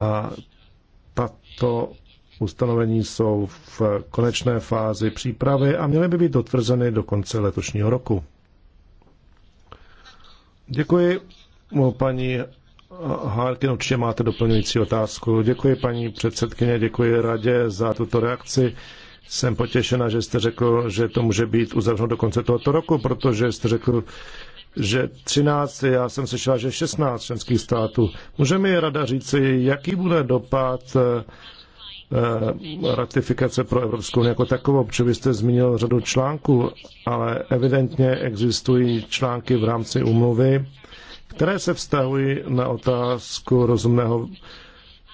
A tato ustanovení jsou v konečné fázi přípravy a měly by být dotvrzeny do konce letošního roku. Děkuji, paní Harkin, určitě máte doplňující otázku. Děkuji, paní předsedkyně, děkuji radě za tuto reakci. Jsem potěšena, že jste řekl, že to může být uzavřeno do konce tohoto roku, protože jste řekl, že 13, já jsem slyšel, že 16 členských států. Můžeme je rada říci, jaký bude dopad eh, eh, ratifikace pro Evropskou unii jako takovou, protože vy jste zmínil řadu článků, ale evidentně existují články v rámci umluvy, které se vztahují na otázku rozumného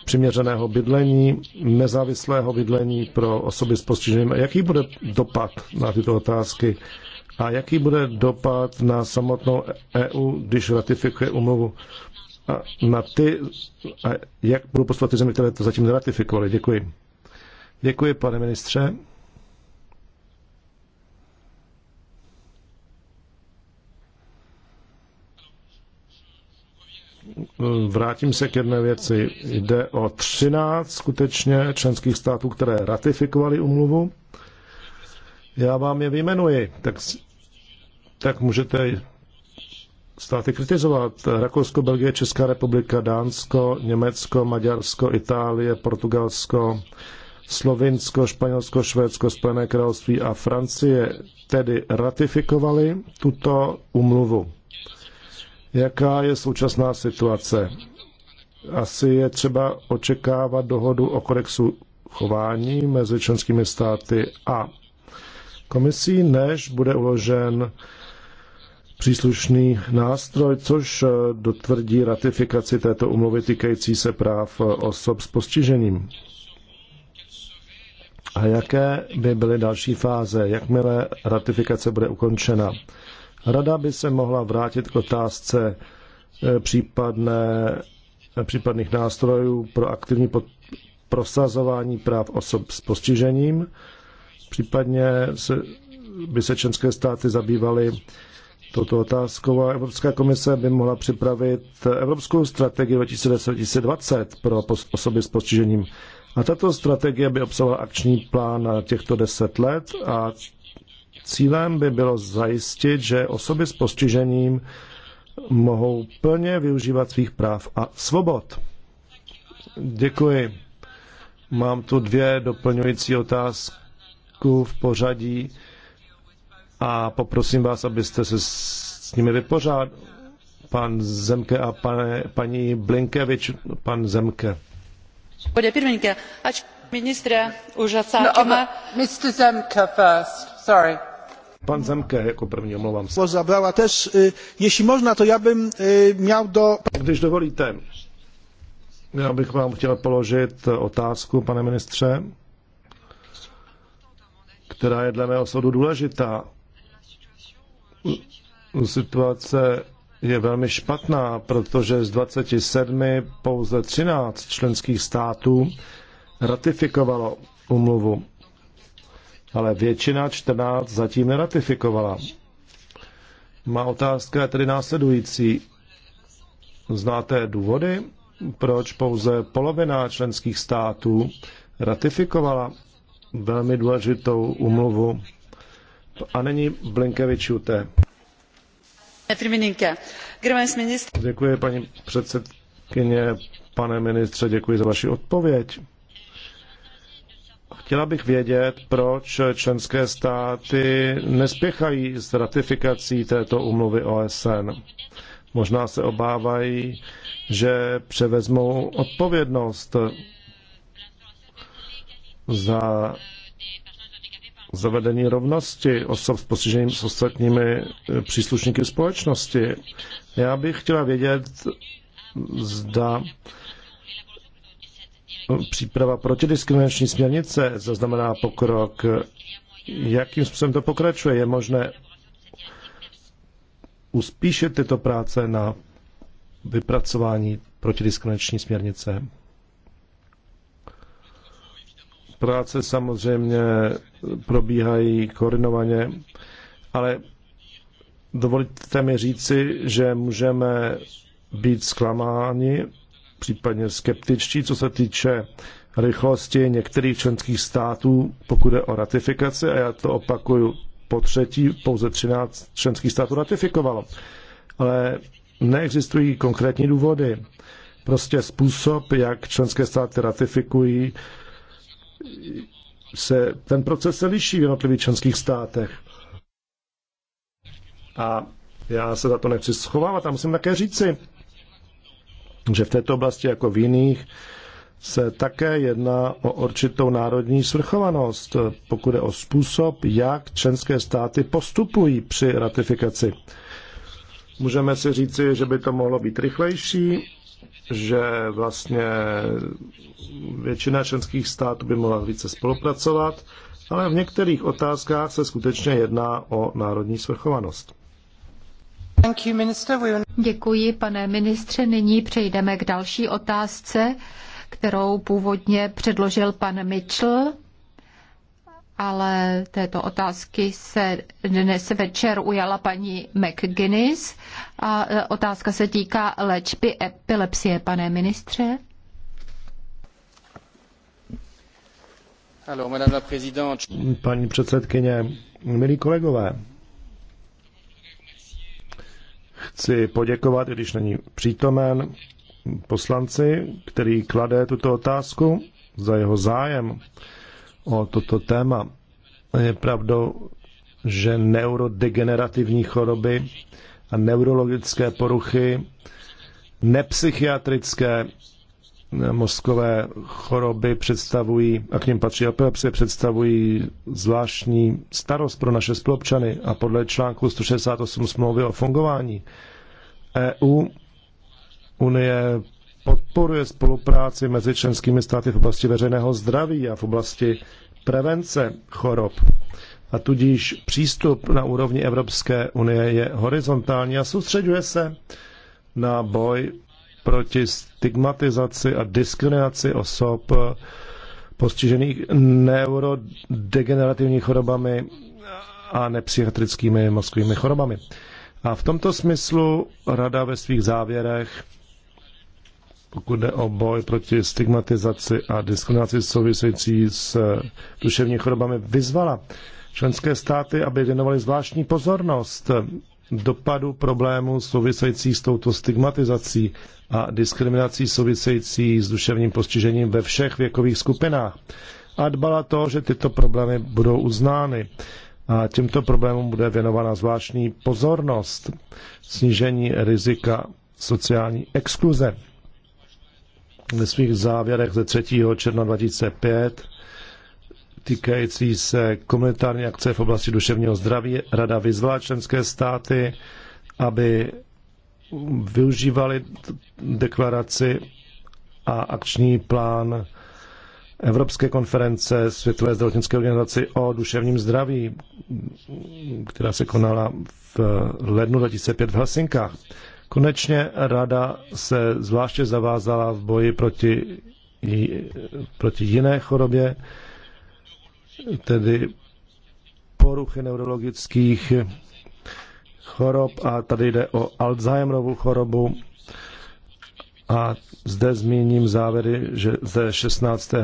přiměřeného bydlení, nezávislého bydlení pro osoby s postižením. Jaký bude dopad na tyto otázky? A jaký bude dopad na samotnou EU, když ratifikuje umluvu a na ty, a jak budou postupovat ty země, které to zatím neratifikovaly? Děkuji. Děkuji, pane ministře. Vrátím se k jedné věci. Jde o 13 skutečně členských států, které ratifikovaly umluvu já vám je vyjmenuji, tak, tak můžete státy kritizovat. Rakousko, Belgie, Česká republika, Dánsko, Německo, Maďarsko, Itálie, Portugalsko, Slovinsko, Španělsko, Švédsko, Spojené království a Francie tedy ratifikovali tuto umluvu. Jaká je současná situace? Asi je třeba očekávat dohodu o kodexu chování mezi členskými státy a komisí, než bude uložen příslušný nástroj, což eh, dotvrdí ratifikaci této umluvy týkající se práv eh, osob s postižením. A jaké by byly další fáze, jakmile ratifikace bude ukončena? Rada by se mohla vrátit k otázce eh, případné, případných nástrojů pro aktivní pod, prosazování práv osob s postižením Případně se, by se členské státy zabývaly touto otázkou a Evropská komise by mohla připravit Evropskou strategii 2020 pro osoby s postižením. A tato strategie by obsahovala akční plán na těchto deset let a cílem by bylo zajistit, že osoby s postižením mohou plně využívat svých práv a svobod. Děkuji. Mám tu dvě doplňující otázky otázku v pořadí a poprosím vás, abyste se s nimi vypořád. Pan Zemke a pane, paní Blinkevič, pan Zemke. Pane pirmininke, ač ministre už No, Mr. Zemke first, sorry. Pan Zemke jako první, omlouvám se. Zabrala tež, e, jeśli można, to ja bym e, miał do... Když dovolíte, já bych vám chtěl položit otázku, pane ministře která je dle mého soudu důležitá. Situace je velmi špatná, protože z 27 pouze 13 členských států ratifikovalo umluvu, ale většina 14 zatím neratifikovala. Má otázka je tedy následující. Znáte důvody, proč pouze polovina členských států ratifikovala velmi důležitou umluvu. A není té. Děkuji, paní předsedkyně, pane ministře, děkuji za vaši odpověď. Chtěla bych vědět, proč členské státy nespěchají s ratifikací této umluvy OSN. Možná se obávají, že převezmou odpovědnost za zavedení rovnosti osob s postižením s ostatními eh, příslušníky společnosti. Já bych chtěla vědět, zda příprava protidiskriminační směrnice zaznamená pokrok. Jakým způsobem to pokračuje? Je možné uspíšit tyto práce na vypracování protidiskriminační směrnice? Práce samozřejmě probíhají koordinovaně, ale dovolíte mi říci, že můžeme být zklamáni, případně skeptičtí, co se týče rychlosti některých členských států, pokud je o ratifikaci, a já to opakuju po třetí, pouze 13 členských států ratifikovalo. Ale neexistují konkrétní důvody. Prostě způsob, jak členské státy ratifikují, se ten proces se liší v jednotlivých členských státech. A já se za to nechci schovávat a musím také říci, že v této oblasti jako v jiných se také jedná o určitou národní svrchovanost, pokud je o způsob, jak členské státy postupují při ratifikaci. Můžeme si říci, že by to mohlo být rychlejší, že vlastně většina členských států by mohla více spolupracovat, ale v některých otázkách se skutečně jedná o národní svrchovanost. Děkuji, pane ministře. Nyní přejdeme k další otázce, kterou původně předložil pan Mitchell ale této otázky se dnes večer ujala paní McGuinness a e, otázka se týká léčby epilepsie, pane ministře. Paní předsedkyně, milí kolegové, chci poděkovat, když není přítomen, poslanci, který klade tuto otázku za jeho zájem o toto téma. Je pravdou, že neurodegenerativní choroby a neurologické poruchy, nepsychiatrické eh, mozkové choroby představují, a k ním patří epilepsie, představují zvláštní starost pro naše spolupčany a podle článku 168 smlouvy o fungování EU Unie podporuje spolupráci mezi členskými státy v oblasti veřejného zdraví a v oblasti prevence chorob. A tudíž přístup na úrovni Evropské unie je horizontální a soustředuje se na boj proti stigmatizaci a diskriminaci osob postižených neurodegenerativními chorobami a nepsychiatrickými mozkovými chorobami. A v tomto smyslu Rada ve svých závěrech pokud jde o boj proti stigmatizaci a diskriminaci související s eh, duševní chorobami, vyzvala členské státy, aby věnovaly zvláštní pozornost dopadu problémů související s touto stigmatizací a diskriminací související s duševním postižením ve všech věkových skupinách a dbala to, že tyto problémy budou uznány. A těmto problémům bude věnována zvláštní pozornost snížení rizika sociální exkluze ve svých závěrech ze 3. června 2005 týkající se komunitární akce v oblasti duševního zdraví. Rada vyzvala členské státy, aby využívali deklaraci a akční plán Evropské konference Světové zdravotnické organizaci o duševním zdraví, která se konala v lednu 2005 v Helsinkách. Konečně rada se zvláště zavázala v boji proti, proti jiné chorobě, tedy poruchy neurologických chorob a tady jde o Alzheimerovu chorobu. A zde zmíním závěry že ze 16.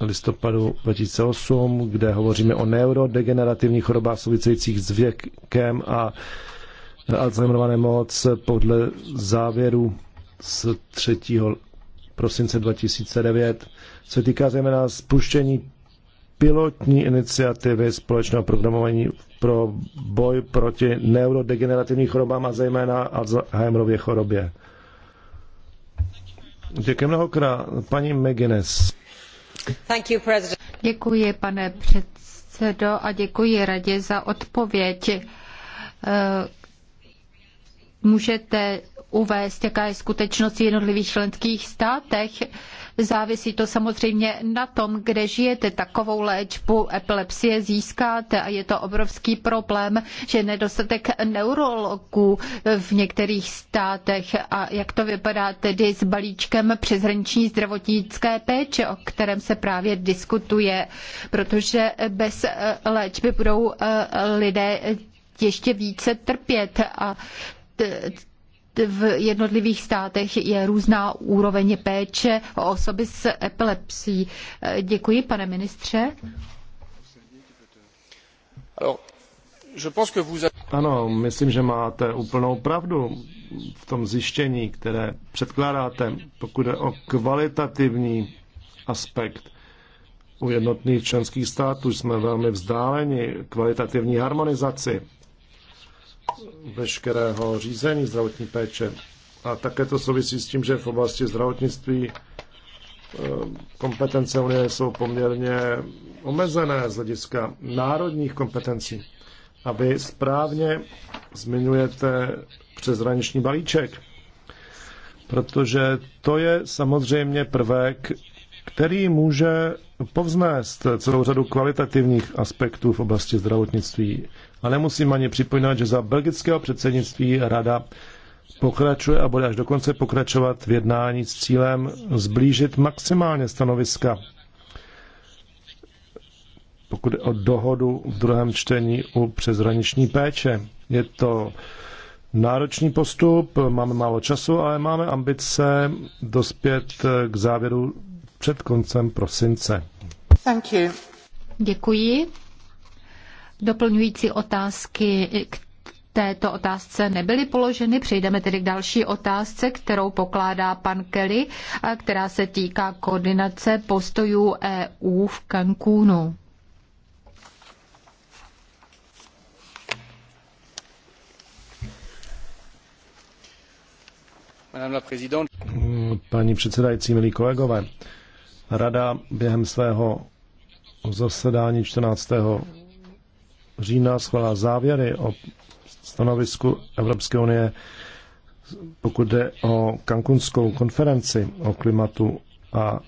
listopadu 2008, kde hovoříme o neurodegenerativních chorobách souvisejících s věkem a Alzheimerova nemoc podle závěru z 3. prosince 2009 se týká zejména spuštění pilotní iniciativy společného programování pro boj proti neurodegenerativním chorobám a zejména Alzheimerově chorobě. Děkuji mnohokrát. Paní McGuinness. Děkuji, pane předsedo, a děkuji radě za odpověď eh, můžete uvést, jaká je skutečnost v jednotlivých členských státech. Závisí to samozřejmě na tom, kde žijete. Takovou léčbu epilepsie získáte a je to obrovský problém, že nedostatek neurologů v některých státech. A jak to vypadá tedy s balíčkem přeshraniční zdravotnické péče, o kterém se právě diskutuje, protože bez eh, léčby budou eh, lidé ještě více trpět a v jednotlivých státech je různá úroveň péče o osoby s epilepsií. Děkuji, pane ministře. Ano, myslím, že máte úplnou pravdu v tom zjištění, které předkládáte, pokud je o kvalitativní aspekt. U jednotných členských států jsme velmi vzdáleni kvalitativní harmonizaci veškerého řízení zdravotní péče. A také to souvisí s tím, že v oblasti zdravotnictví eh, kompetence Unie jsou poměrně omezené z hlediska národních kompetencí. A vy správně zmiňujete přeshraniční balíček, protože to je samozřejmě prvek, který může povznést celou řadu kvalitativních aspektů v oblasti zdravotnictví. A nemusím ani připomínat, že za belgického předsednictví Rada pokračuje a bude až dokonce pokračovat v jednání s cílem zblížit maximálně stanoviska, pokud je o dohodu v druhém čtení u přezraniční péče. Je to náročný postup, máme málo času, ale máme ambice dospět k závěru před koncem prosince. Thank you. Děkuji. Doplňující otázky k této otázce nebyly položeny. Přejdeme tedy k další otázce, kterou pokládá pan Kelly, a která se týká koordinace postojů EU v Cancúnu. Paní předsedající, milí kolegové, Rada během svého zasedání 14. října schválila závěry o stanovisku Evropské unie, pokud jde o kankunskou konferenci o klimatu a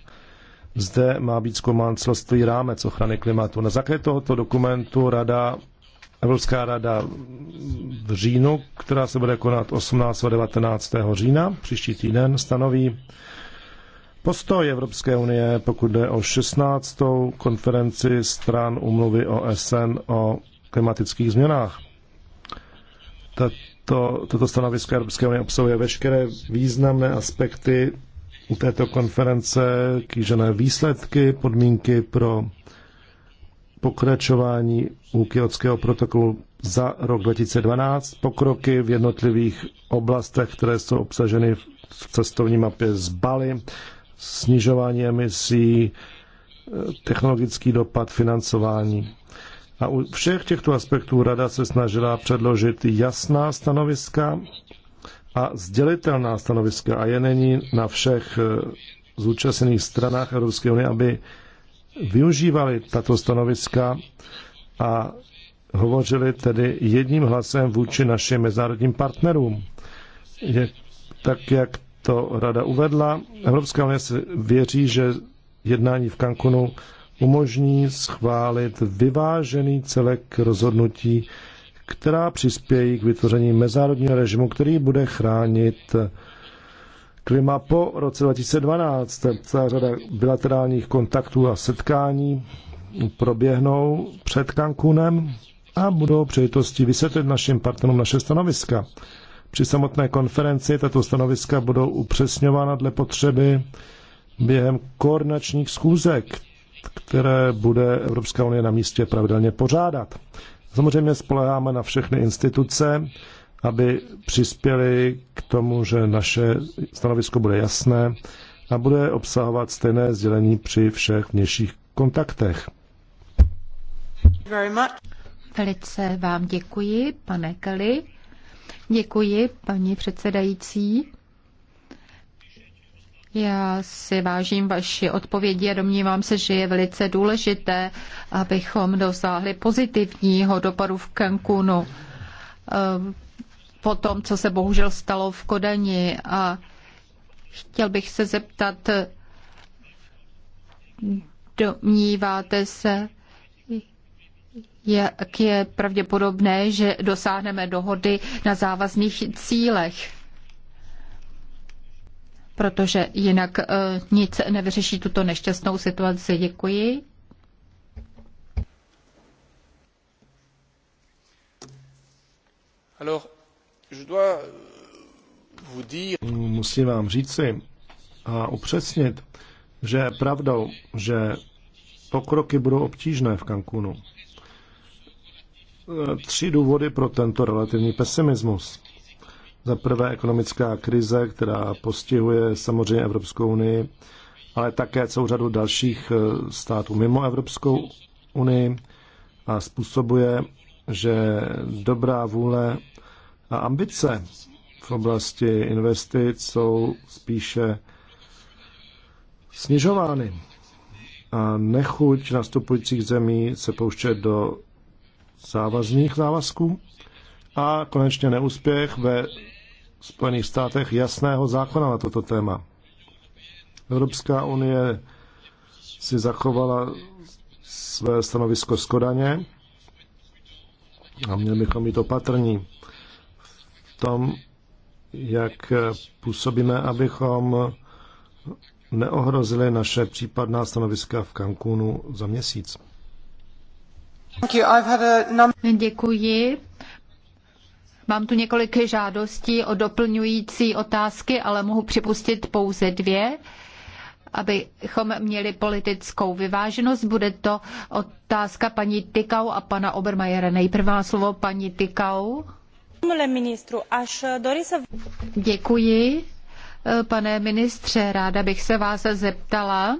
zde má být zkoumán celostý rámec ochrany klimatu. Na základě tohoto dokumentu Rada Evropská rada v říjnu, která se bude konat 18. a 19. října, příští týden, stanoví Postoj Evropské unie, pokud jde o 16. konferenci stran umluvy OSN o klimatických změnách. Tato, toto stanovisko Evropské unie obsahuje veškeré významné aspekty u této konference, kýžené výsledky, podmínky pro pokračování u Kyotského protokolu za rok 2012, pokroky v jednotlivých oblastech, které jsou obsaženy v cestovní mapě z Bali, snižování emisí, eh, technologický dopad, financování. A u všech těchto aspektů Rada se snažila předložit jasná stanoviska a sdělitelná stanoviska a je není na všech eh, zúčastněných stranách Evropské unie, aby využívali tato stanoviska a hovořili tedy jedním hlasem vůči našim mezinárodním partnerům. Je, tak jak to rada uvedla. Evropská unie věří, že jednání v Cancunu umožní schválit vyvážený celek rozhodnutí, která přispějí k vytvoření mezinárodního režimu, který bude chránit klima po roce 2012. Celá řada bilaterálních kontaktů a setkání proběhnou před Cancunem a budou přejitosti vysvětlit našim partnerům naše stanoviska. Při samotné konferenci tato stanoviska budou upřesňována dle potřeby během koordinačních schůzek, které bude Evropská unie na místě pravidelně pořádat. Samozřejmě spoleháme na všechny instituce, aby přispěli k tomu, že naše stanovisko bude jasné a bude obsahovat stejné sdělení při všech vnějších kontaktech. Velice vám děkuji, pane Kelly. Děkuji, paní předsedající. Já si vážím vaši odpovědi a domnívám se, že je velice důležité, abychom dosáhli pozitivního dopadu v Cancunu ehm, po tom, co se bohužel stalo v Kodani. A chtěl bych se zeptat, domníváte se, jak je pravděpodobné, že dosáhneme dohody na závazných cílech protože jinak eh, nic nevyřeší tuto nešťastnou situaci. Děkuji. Eh, Musím vám říci a upřesnit, že je pravdou, že pokroky budou obtížné v Cancunu. Eh, tři důvody pro tento relativní pesimismus. Za prvé ekonomická krize, která postihuje samozřejmě Evropskou unii, ale také celou řadu dalších eh, států mimo Evropskou unii a způsobuje, že dobrá vůle a ambice v oblasti investic jsou spíše snižovány. A nechuť nastupujících zemí se pouštět do závazných závazků a konečně neúspěch ve Spojených státech jasného zákona na toto téma. Evropská unie si zachovala své stanovisko skodaně a měli bychom být opatrní v tom, jak působíme, abychom neohrozili naše případná stanoviska v Cancúnu za měsíc. Děkuji. Mám tu několik žádostí o doplňující otázky, ale mohu připustit pouze dvě. Abychom měli politickou vyváženost, bude to otázka paní Tykau a pana Obermajera. Nejprve slovo paní Tykau. Děkuji. Pane ministře, ráda bych se vás zeptala,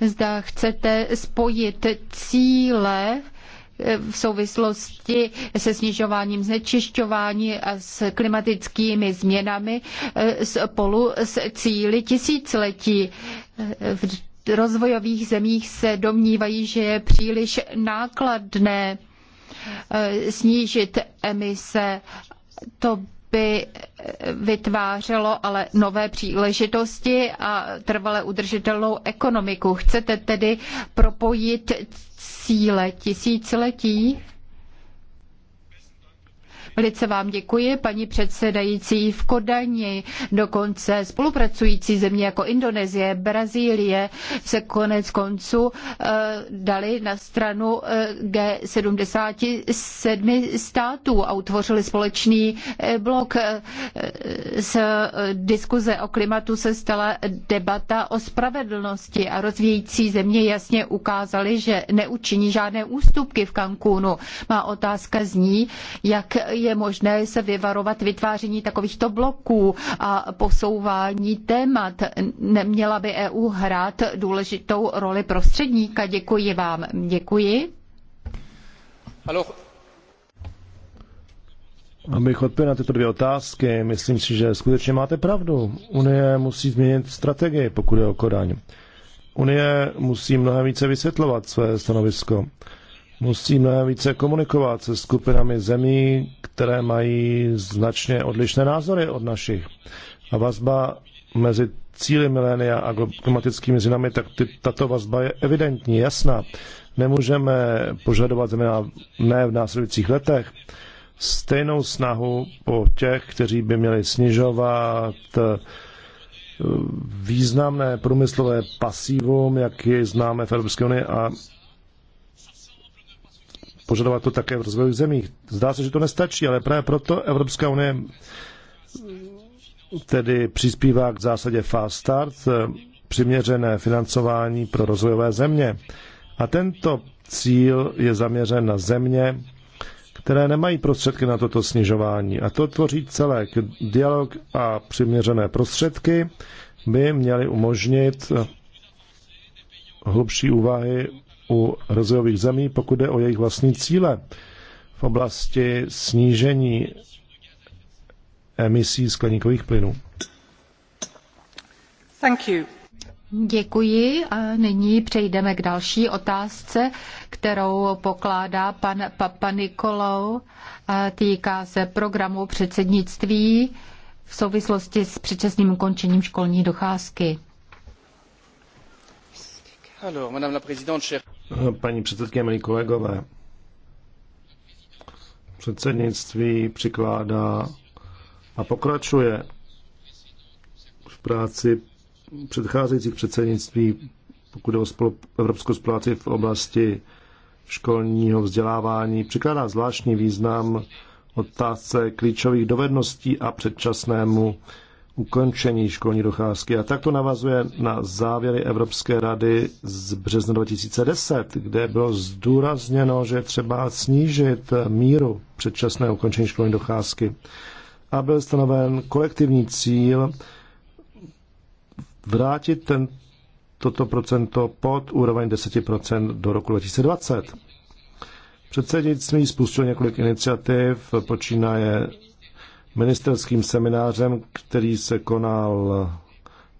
zda chcete spojit cíle v souvislosti se snižováním znečišťování a s klimatickými změnami e, spolu s cíly tisíciletí. E, v rozvojových zemích se domnívají, že je příliš nákladné e, snížit emise. To by eh, vytvářelo ale nové příležitosti a trvale udržitelnou ekonomiku. Chcete tedy propojit cíle tisíciletí? Velice vám děkuji, paní předsedající. V Kodani dokonce spolupracující země jako Indonésie, Brazílie se konec konců eh, dali na stranu eh, G77 států a utvořili společný eh, blok. Z diskuze o klimatu se stala debata o spravedlnosti a rozvíjící země jasně ukázaly, že neučiní žádné ústupky v Cancúnu. Má otázka zní, jak je je možné se vyvarovat vytváření takovýchto bloků a posouvání témat. Neměla by EU hrát důležitou roli prostředníka. Děkuji vám. Děkuji. Halo. Abych odpověděl na tyto dvě otázky, myslím si, že skutečně máte pravdu. Unie musí změnit strategii, pokud je o Kodaň. Unie musí mnohem více vysvětlovat své stanovisko musí mnohem více komunikovat se skupinami zemí, které mají značně odlišné názory od našich. A vazba mezi cíly milénia a klimatickými změnami, tak ty, tato vazba je evidentní, jasná. Nemůžeme požadovat změna ne v následujících letech, stejnou snahu po těch, kteří by měli snižovat eh, významné průmyslové pasivum, jak je známe v Evropské unii a požadovat to také v rozvojových zemích. Zdá se, že to nestačí, ale právě proto Evropská unie tedy přispívá k zásadě Fast Start, eh, přiměřené financování pro rozvojové země. A tento cíl je zaměřen na země, které nemají prostředky na toto snižování. A to tvoří celé Dialog a přiměřené prostředky by měly umožnit hlubší úvahy u rozvojových zemí, pokud jde o jejich vlastní cíle v oblasti snížení emisí skleníkových plynů. Thank you. Děkuji a nyní přejdeme k další otázce, kterou pokládá pan Papa A Týká se programu předsednictví v souvislosti s předčasným ukončením školní docházky. Paní předsedkyně, milí kolegové, předsednictví přikládá a pokračuje v práci předcházejících předsednictví, pokud je o evropskou spolupráci v oblasti školního vzdělávání, přikládá zvláštní význam otázce klíčových dovedností a předčasnému ukončení školní docházky. A tak to navazuje na závěry Evropské rady z března 2010, kde bylo zdůrazněno, že třeba snížit míru předčasné ukončení školní docházky. A byl stanoven kolektivní cíl vrátit ten, toto procento pod úroveň 10% do roku 2020. Předsednictví spustilo několik iniciativ, počínaje ministerským seminářem, který se konal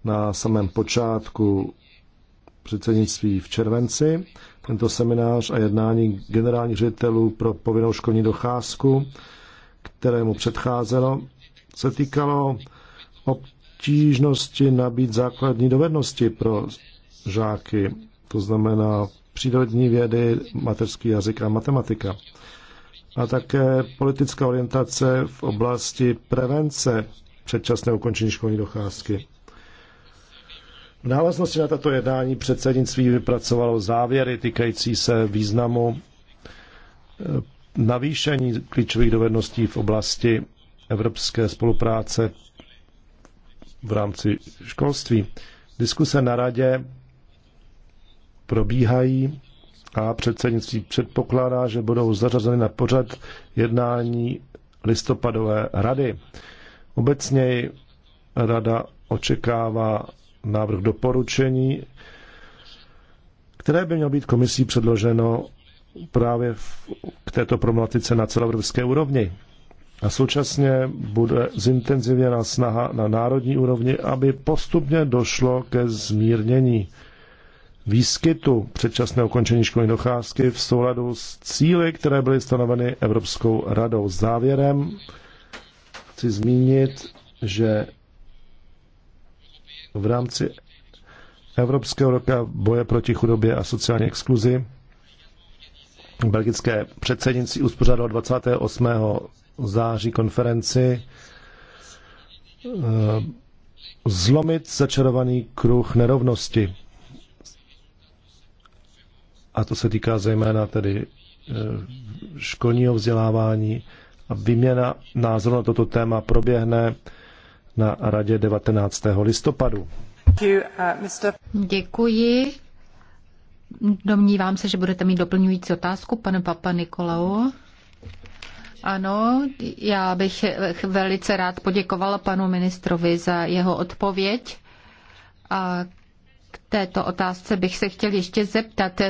na samém počátku předsednictví v červenci. Tento seminář a jednání generálních ředitelů pro povinnou školní docházku, kterému předcházelo, se týkalo obtížnosti nabít základní dovednosti pro žáky, to znamená přírodní vědy, mateřský jazyk a matematika a také politická orientace v oblasti prevence předčasné ukončení školní docházky. V návaznosti na tato jednání předsednictví vypracovalo závěry týkající se významu eh, navýšení klíčových dovedností v oblasti evropské spolupráce v rámci školství. Diskuse na radě probíhají a předsednictví předpokládá, že budou zařazeny na pořad jednání listopadové rady. Obecně rada očekává návrh doporučení, které by mělo být komisí předloženo právě v, k této problematice na celoevropské úrovni. A současně bude zintenzivněna snaha na národní úrovni, aby postupně došlo ke zmírnění výskytu předčasného ukončení školní docházky v souladu s cíly, které byly stanoveny Evropskou radou. Závěrem chci zmínit, že v rámci Evropského roka boje proti chudobě a sociální exkluzi belgické předsednictví uspořádalo 28. září konferenci eh, zlomit začarovaný kruh nerovnosti a to se týká zejména tedy e, školního vzdělávání a výměna názoru na toto téma proběhne na radě 19. listopadu. Děkuji. Domnívám se, že budete mít doplňující otázku, pane Papa Nikolau. Ano, já bych velice rád poděkovala panu ministrovi za jeho odpověď a této otázce bych se chtěl ještě zeptat,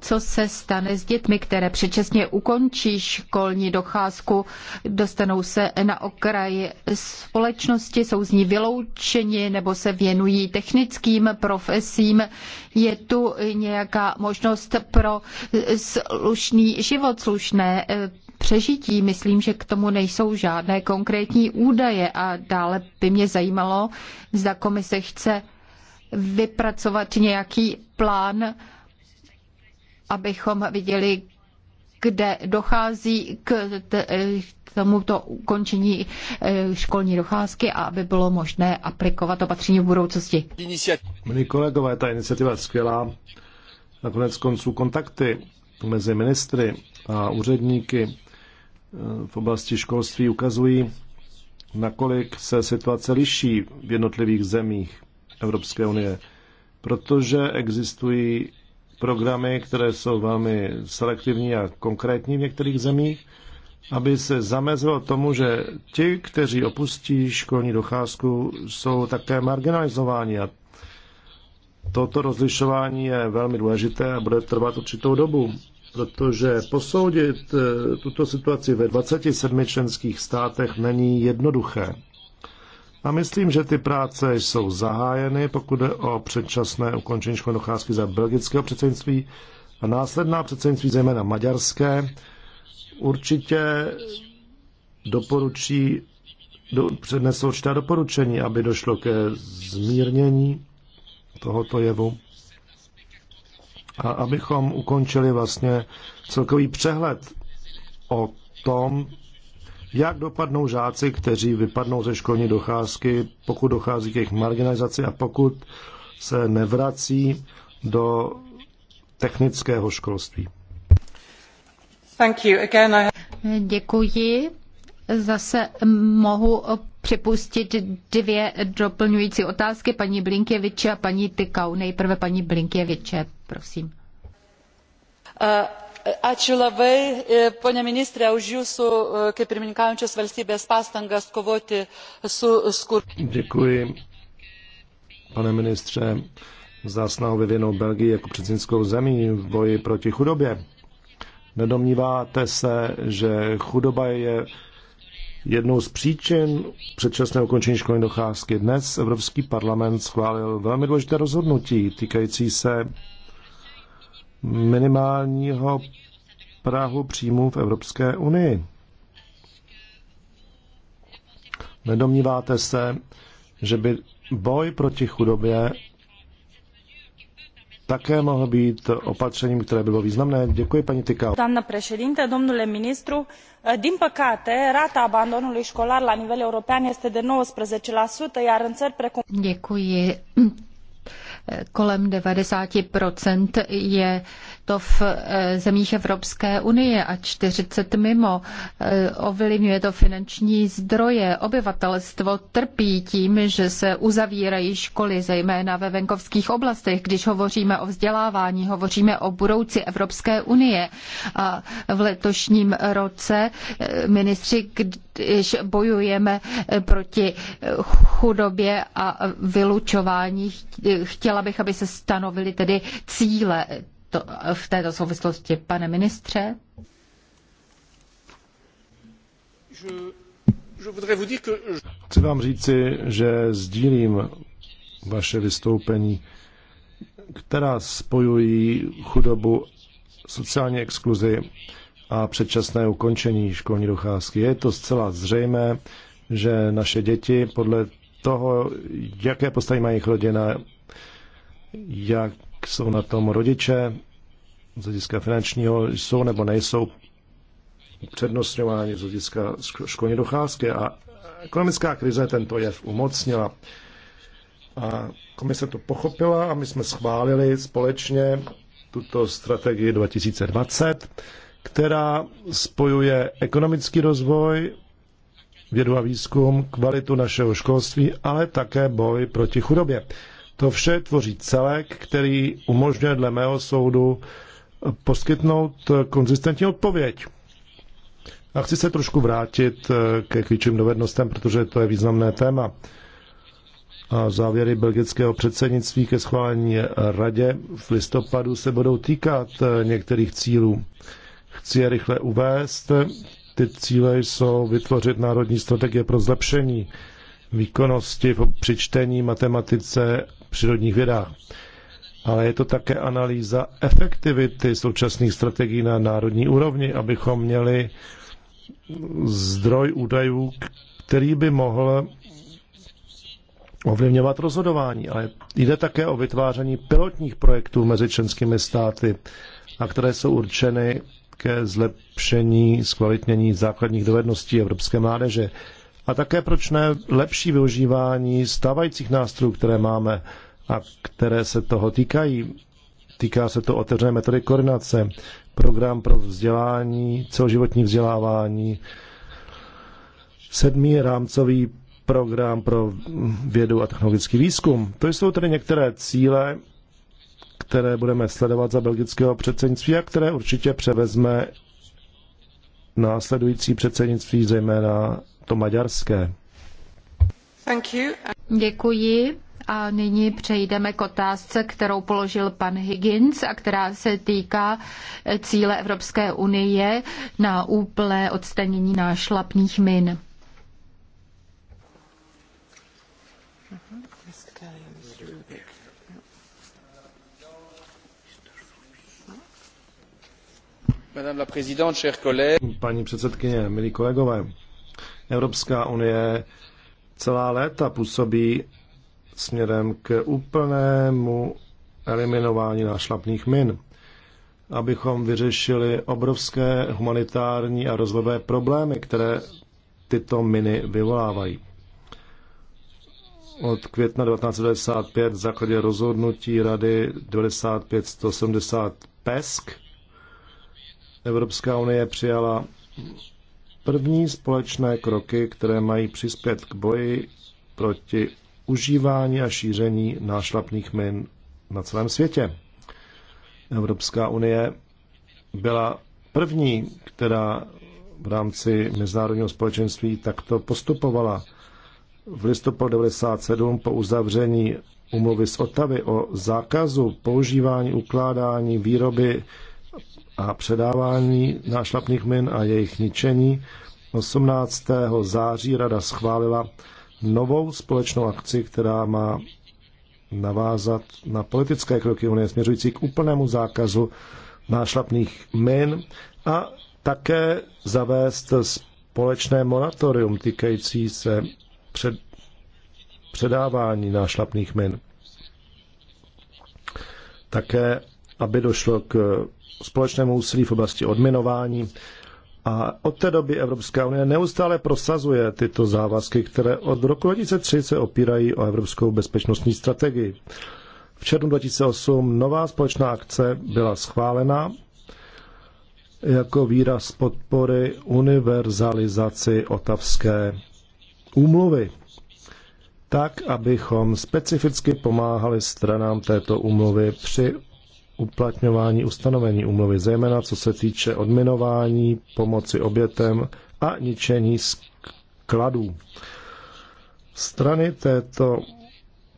co se stane s dětmi, které předčasně ukončí školní docházku, dostanou se na okraj společnosti, jsou z ní vyloučeni nebo se věnují technickým profesím. Je tu nějaká možnost pro slušný život, slušné eh, přežití. Myslím, že k tomu nejsou žádné konkrétní údaje a dále by mě zajímalo, zda komise chce vypracovat nějaký plán, abychom viděli, kde dochází k, tomuto ukončení eh, školní docházky a aby bylo možné aplikovat opatření v budoucnosti. Mili kolegové, ta iniciativa je skvělá. Nakonec konců kontakty mezi ministry a úředníky eh, v oblasti školství ukazují, nakolik se situace liší v jednotlivých zemích. Evropské unie, protože existují programy, které jsou velmi selektivní a konkrétní v některých zemích, aby se zamezilo tomu, že ti, kteří opustí školní docházku, jsou také marginalizováni. A toto rozlišování je velmi důležité a bude trvat určitou dobu, protože posoudit eh, tuto situaci ve 27 členských státech není jednoduché. A myslím, že ty práce jsou zahájeny, pokud jde o předčasné ukončení školní docházky za belgického předsednictví a následná předsednictví, zejména maďarské, určitě doporučí, do, přednesou určitá doporučení, aby došlo ke zmírnění tohoto jevu a abychom ukončili vlastně celkový přehled o tom, jak dopadnou žáci, kteří vypadnou ze školní docházky, pokud dochází k jejich marginalizaci a pokud se nevrací do technického školství. Thank you. Again, I... Děkuji. Zase mohu připustit dvě doplňující otázky, paní Blinkěviče a paní Tykau. Nejprve paní Blinkěviče, prosím. Uh ačiū labai e, pone ministre už jūsų e, kaip pirmininkaujančios valstybės pastangas kovoti su skurdu. Děkuji, pane ministře, za snahu vyvinou Belgii jako předsednickou zemí v boji proti chudobě. Nedomníváte se, že chudoba je jednou z příčin předčasného ukončení školní docházky. Dnes Evropský parlament schválil velmi důležité rozhodnutí týkající se minimálního práhu příjmů v Evropské unii. Nedomníváte se, že by boj proti chudobě také mohl být opatřením, které bylo významné. Děkuji, paní Tykal. Pane președinte, domnule ministru, din păcate, rata abandonului școlar la nivel european este de 19%, iar în țări precum... Děkuji kolem 90% je to v eh, zemích Evropské unie a 40 mimo. Eh, ovlivňuje to finanční zdroje. Obyvatelstvo trpí tím, že se uzavírají školy, zejména ve venkovských oblastech. Když hovoříme o vzdělávání, hovoříme o budoucí Evropské unie. A v letošním roce eh, ministři, když bojujeme proti chudobě a vylučování, chtěla bych, aby se stanovily tedy cíle to, v této souvislosti, pane ministře? Chci vám říci, že sdílím vaše vystoupení, která spojují chudobu, sociální exkluzi a předčasné ukončení školní docházky. Je to zcela zřejmé, že naše děti podle toho, jaké postavy mají jejich rodina, jak jsou na tom rodiče z hlediska finančního, jsou nebo nejsou přednostňování z hlediska školní docházky a ekonomická krize tento jev umocnila. A komise to pochopila a my jsme schválili společně tuto strategii 2020, která spojuje ekonomický rozvoj, vědu a výzkum, kvalitu našeho školství, ale také boj proti chudobě. To vše tvoří celek, který umožňuje dle mého soudu poskytnout konzistentní odpověď. A chci se trošku vrátit ke klíčovým dovednostem, protože to je významné téma. A závěry belgického předsednictví ke schválení radě v listopadu se budou týkat některých cílů. Chci je rychle uvést. Ty cíle jsou vytvořit národní strategie pro zlepšení výkonnosti při čtení, matematice přírodních vědách. Ale je to také analýza efektivity současných strategií na národní úrovni, abychom měli zdroj údajů, který by mohl ovlivňovat rozhodování, ale jde také o vytváření pilotních projektů mezi členskými státy, a které jsou určeny ke zlepšení, zkvalitnění základních dovedností evropské mládeže. A také proč ne lepší využívání stávajících nástrojů, které máme a které se toho týkají. Týká se to otevřené metody koordinace, program pro vzdělání, celoživotní vzdělávání, sedmý rámcový program pro vědu a technologický výzkum. To jsou tedy některé cíle, které budeme sledovat za belgického předsednictví a které určitě převezme následující předsednictví, zejména to maďarské. Děkuji. A nyní přejdeme k otázce, kterou položil pan Higgins a která se týká eh, cíle Evropské unie na úplné odstranění nášlapných min. Paní předsedkyně, milí kolegové, Evropská unie celá léta působí směrem k úplnému eliminování nášlapných min, abychom vyřešili obrovské humanitární a rozvojové problémy, které tyto miny vyvolávají. Od května 1995 v základě rozhodnutí Rady 95-170 PESK Evropská unie přijala první společné kroky, které mají přispět k boji proti užívání a šíření nášlapných min na celém světě. Evropská unie byla první, která v rámci mezinárodního společenství takto postupovala. V listopadu 1997 po uzavření umluvy z Otavy o zákazu používání, ukládání, výroby a předávání nášlapných min a jejich ničení 18. září rada schválila novou společnou akci, která má navázat na politické kroky Unie směřující k úplnému zákazu nášlapných min a také zavést společné moratorium týkající se před, předávání nášlapných min. Také, aby došlo k společnému úsilí v oblasti odminování a od té doby Evropská unie neustále prosazuje tyto závazky, které od roku 2003 se opírají o evropskou bezpečnostní strategii. V červnu 2008 nová společná akce byla schválena jako výraz podpory univerzalizaci otavské úmluvy, tak, abychom specificky pomáhali stranám této úmluvy při uplatňování ustanovení úmluvy, zejména co se týče odminování, pomoci obětem a ničení skladů. Strany této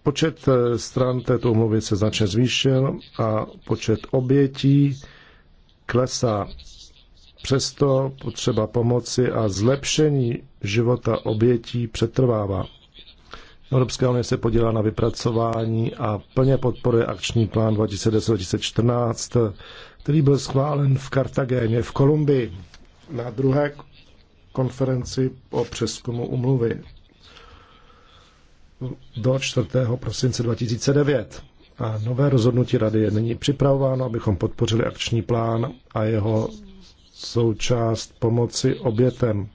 Počet eh, stran této umluvy se značně zvýšil a počet obětí klesá. Přesto potřeba pomoci a zlepšení života obětí přetrvává. Evropská unie se podílá na vypracování a plně podporuje akční plán 2010-2014, který byl schválen v Kartagéně v Kolumbii na druhé konferenci o přeskumu umluvy do 4. prosince 2009. A nové rozhodnutí rady je nyní připravováno, abychom podpořili akční plán a jeho součást pomoci obětem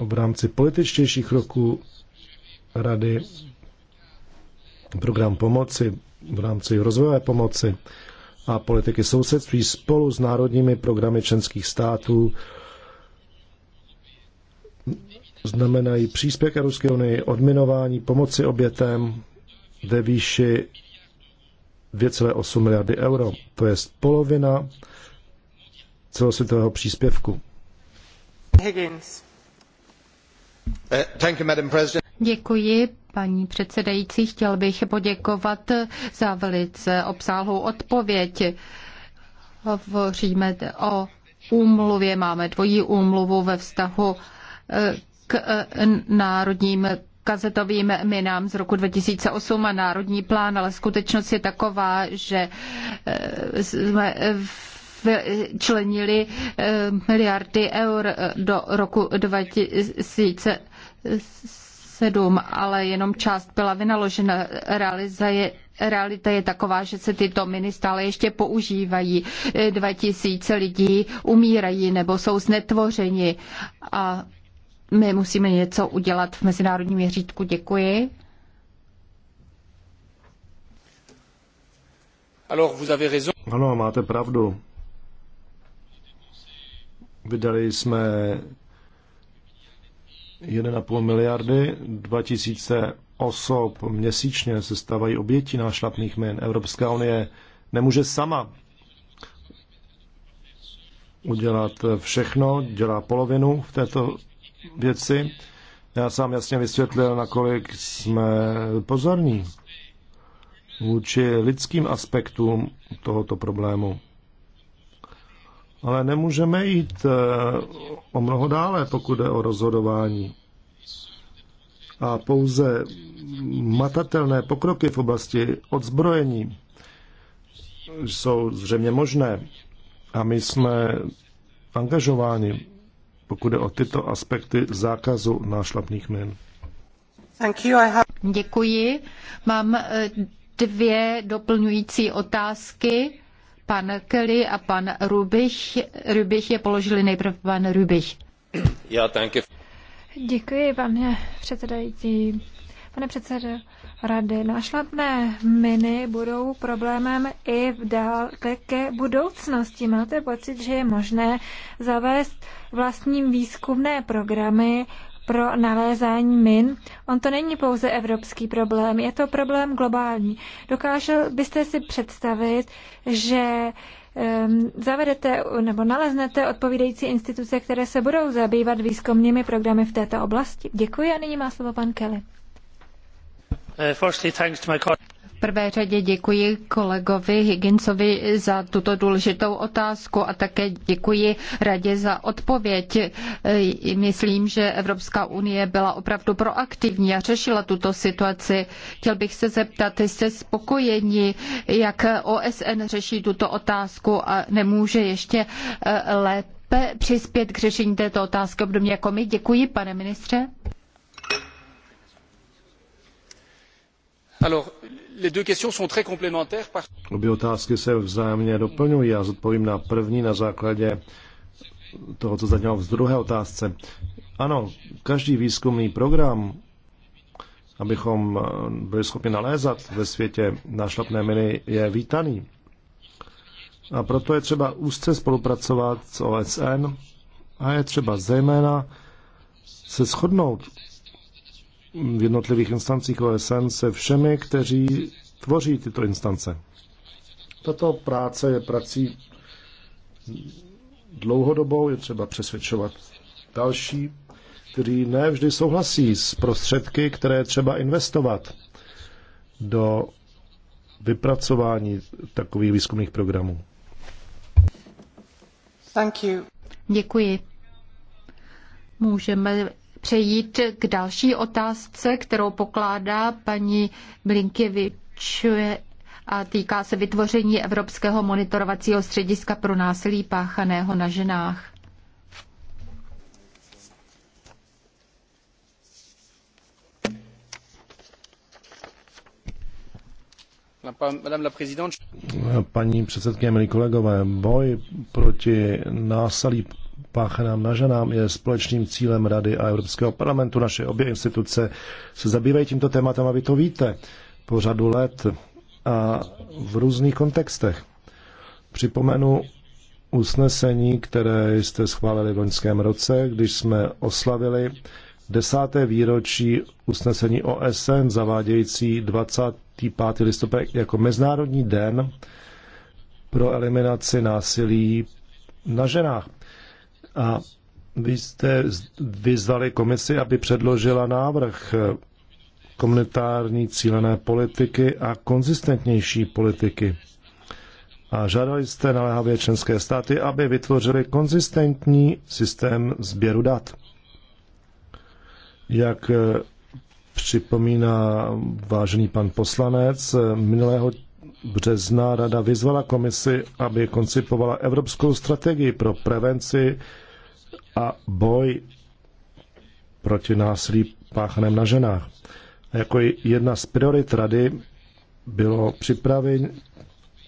v rámci političtějších roků rady program pomoci v rámci rozvojové pomoci a politiky sousedství spolu s národními programy členských států znamenají příspěvek Evropské unie, odminování pomoci obětem ve výši 2,8 miliardy euro. To je polovina celosvětového příspěvku. Higgins. Uh, thank you, Madam President. Děkuji, paní předsedající. Chtěl bych poděkovat za velice obsáhlou odpověď. Hovoříme o úmluvě, máme dvojí úmluvu ve vztahu eh, k eh, národním kazetovým minám z roku 2008 a národní plán, ale skutečnost je taková, že eh, jsme členili miliardy eur do roku 2007 7, ale jenom část byla vynaložena. je realita je taková, že se tyto miny stále ještě používají. 2000 lidí umírají nebo jsou znetvořeni a my musíme něco udělat v mezinárodním měřítku. Děkuji. Ano, máte pravdu. Vydali jsme 1,5 miliardy, 2000 osob měsíčně se stávají oběti nášlapných min. Evropská unie nemůže sama udělat všechno, dělá polovinu v této věci. Já sám jasně vysvětlil, nakolik jsme pozorní vůči lidským aspektům tohoto problému. Ale nemůžeme jít eh, o mnoho dále, pokud jde o rozhodování. A pouze matatelné pokroky v oblasti odzbrojení jsou zřejmě možné. A my jsme angažováni, pokud jde o tyto aspekty zákazu nášlapných min. Děkuji. Mám eh, dvě doplňující otázky pan Kelly a pan Rubich. Rubich je položili nejprve pan Rubich. Já tanky. Děkuji, pane předsedající. Pane předsedo rady, nášlapné no miny budou problémem i v dálké budoucnosti. Máte pocit, že je možné zavést vlastní výzkumné programy pro nalézání min, on to není pouze evropský problém, je to problém globální. Dokážel byste si představit, že ehm, zavedete nebo naleznete odpovídající instituce, které se budou zabývat výzkumnými programy v této oblasti. Děkuji a nyní má slovo pan Kelly. Eh, prvé řadě děkuji kolegovi Higginsovi za tuto důležitou otázku a také děkuji radě za odpověď. E, myslím, že Evropská unie byla opravdu proaktivní a řešila tuto situaci. Chtěl bych se zeptat, jste spokojeni, jak OSN řeší tuto otázku a nemůže ještě e, lépe přispět k řešení této otázky obdobně jako my. Děkuji, pane ministře. Alors, Obě otázky se vzájemně doplňují. Já zodpovím na první na základě toho, co zaznělo v druhé otázce. Ano, každý výzkumný program, abychom eh, byli schopni nalézat ve světě nášlapné miny, je vítaný. A proto je třeba úzce spolupracovat s OSN a je třeba zejména se shodnout v jednotlivých instancích OSN se všemi, kteří tvoří tyto instance. Tato práce je prací dlouhodobou, je třeba přesvědčovat další, kteří ne vždy souhlasí s prostředky, které třeba investovat do vypracování takových výzkumných programů. Thank you. Děkuji. Můžeme přejít k další otázce, kterou pokládá paní Blinkevič a týká se vytvoření Evropského monitorovacího střediska pro násilí páchaného na ženách. Paní předsedkyně, milí kolegové, boj proti násilí páchanám na ženám je společným cílem Rady a Evropského parlamentu. Naše obě instituce se zabývají tímto tématem a vy to víte po řadu let a v různých kontextech. Připomenu usnesení, které jste schválili v loňském roce, když jsme oslavili desáté výročí usnesení OSN zavádějící 25. listopad jako Mezinárodní den pro eliminaci násilí na ženách. A vy jste vyzvali komisi, aby předložila návrh komunitární cílené politiky a konzistentnější politiky. A žádali jste naléhavě členské státy, aby vytvořili konzistentní systém sběru dat. Jak eh, připomíná vážený pan poslanec, eh, minulého března rada vyzvala komisi, aby koncipovala evropskou strategii pro prevenci a boj proti násilí páchaném na ženách. A jako jedna z priorit rady bylo připraveň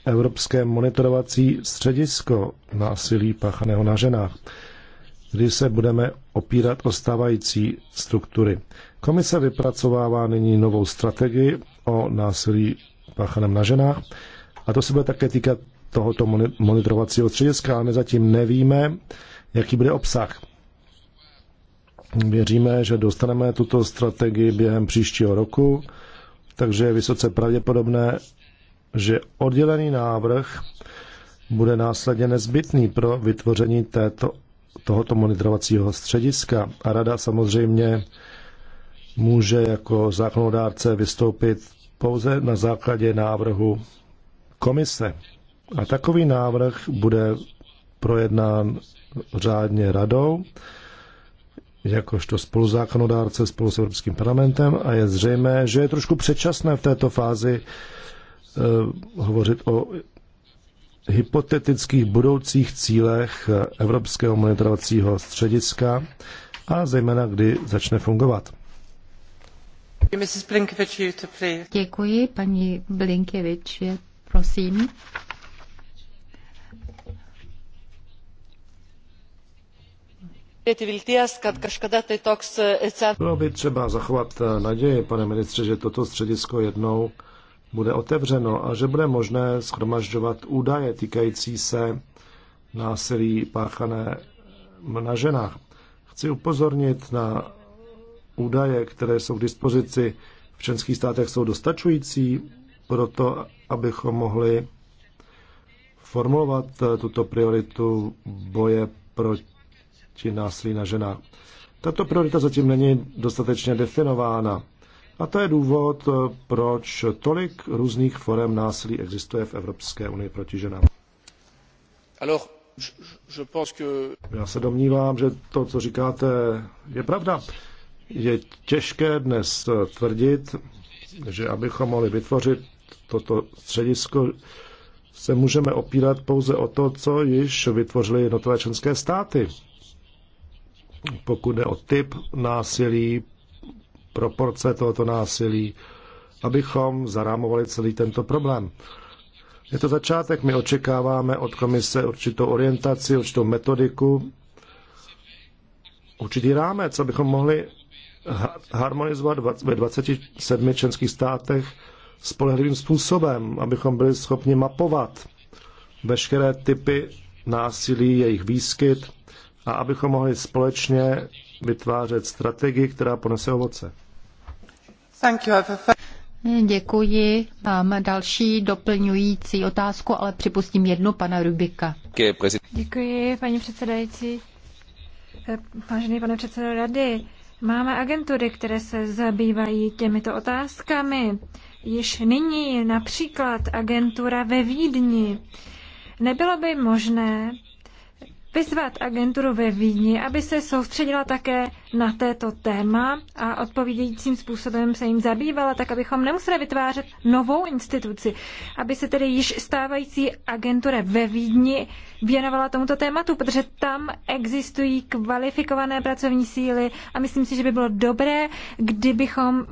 Evropské monitorovací středisko násilí páchaného na ženách, kdy se budeme opírat o stávající struktury. Komise vypracovává nyní novou strategii o násilí páchaném na ženách a to se bude také týkat tohoto monitorovacího střediska, ale my zatím nevíme, jaký bude obsah. Věříme, že dostaneme tuto strategii během příštího roku, takže je vysoce pravděpodobné, že oddělený návrh bude následně nezbytný pro vytvoření této, tohoto monitorovacího střediska. A rada samozřejmě může jako zákonodárce vystoupit pouze na základě návrhu komise. A takový návrh bude projednán řádně radou, jakožto spoluzákonodárce spolu s Evropským parlamentem a je zřejmé, že je trošku předčasné v této fázi eh, hovořit o hypotetických budoucích cílech Evropského monitorovacího střediska a zejména kdy začne fungovat. Děkuji, paní Blinkevič, prosím. Eh, Bylo by třeba zachovat eh, naději, pane ministře, že toto středisko jednou bude otevřeno a že bude možné schromažďovat údaje týkající se násilí páchané na ženách. Chci upozornit na údaje, které jsou k dispozici v členských státech, jsou dostačující pro to, abychom mohli formulovat eh, tuto prioritu boje proti či násilí na ženách. Tato priorita zatím není dostatečně definována. A to je důvod, proč tolik různých forem násilí existuje v Evropské unii proti ženám. Alors, je pense que... Já se domnívám, že to, co říkáte, je pravda. Je těžké dnes tvrdit, že abychom mohli vytvořit toto středisko, se můžeme opírat pouze o to, co již vytvořily jednotlivé členské státy pokud jde o typ násilí, proporce tohoto násilí, abychom zarámovali celý tento problém. Je to začátek, my očekáváme od komise určitou orientaci, určitou metodiku, určitý rámec, abychom mohli harmonizovat ve 27 členských státech spolehlivým způsobem, abychom byli schopni mapovat veškeré typy násilí, jejich výskyt, a abychom mohli společně vytvářet strategii, která ponese ovoce. Děkuji. Mám další doplňující otázku, ale připustím jednu pana Rubika. Děkuji, paní předsedající. Eh, Vážený pane předsedo rady, máme agentury, které se zabývají těmito otázkami. Již nyní například agentura ve Vídni. Nebylo by možné vyzvat agenturu ve Vídni, aby se soustředila také na této téma a odpovídajícím způsobem se jim zabývala, tak abychom nemuseli vytvářet novou instituci, aby se tedy již stávající agentura ve Vídni věnovala tomuto tématu, protože tam existují kvalifikované pracovní síly a myslím si, že by bylo dobré, kdybychom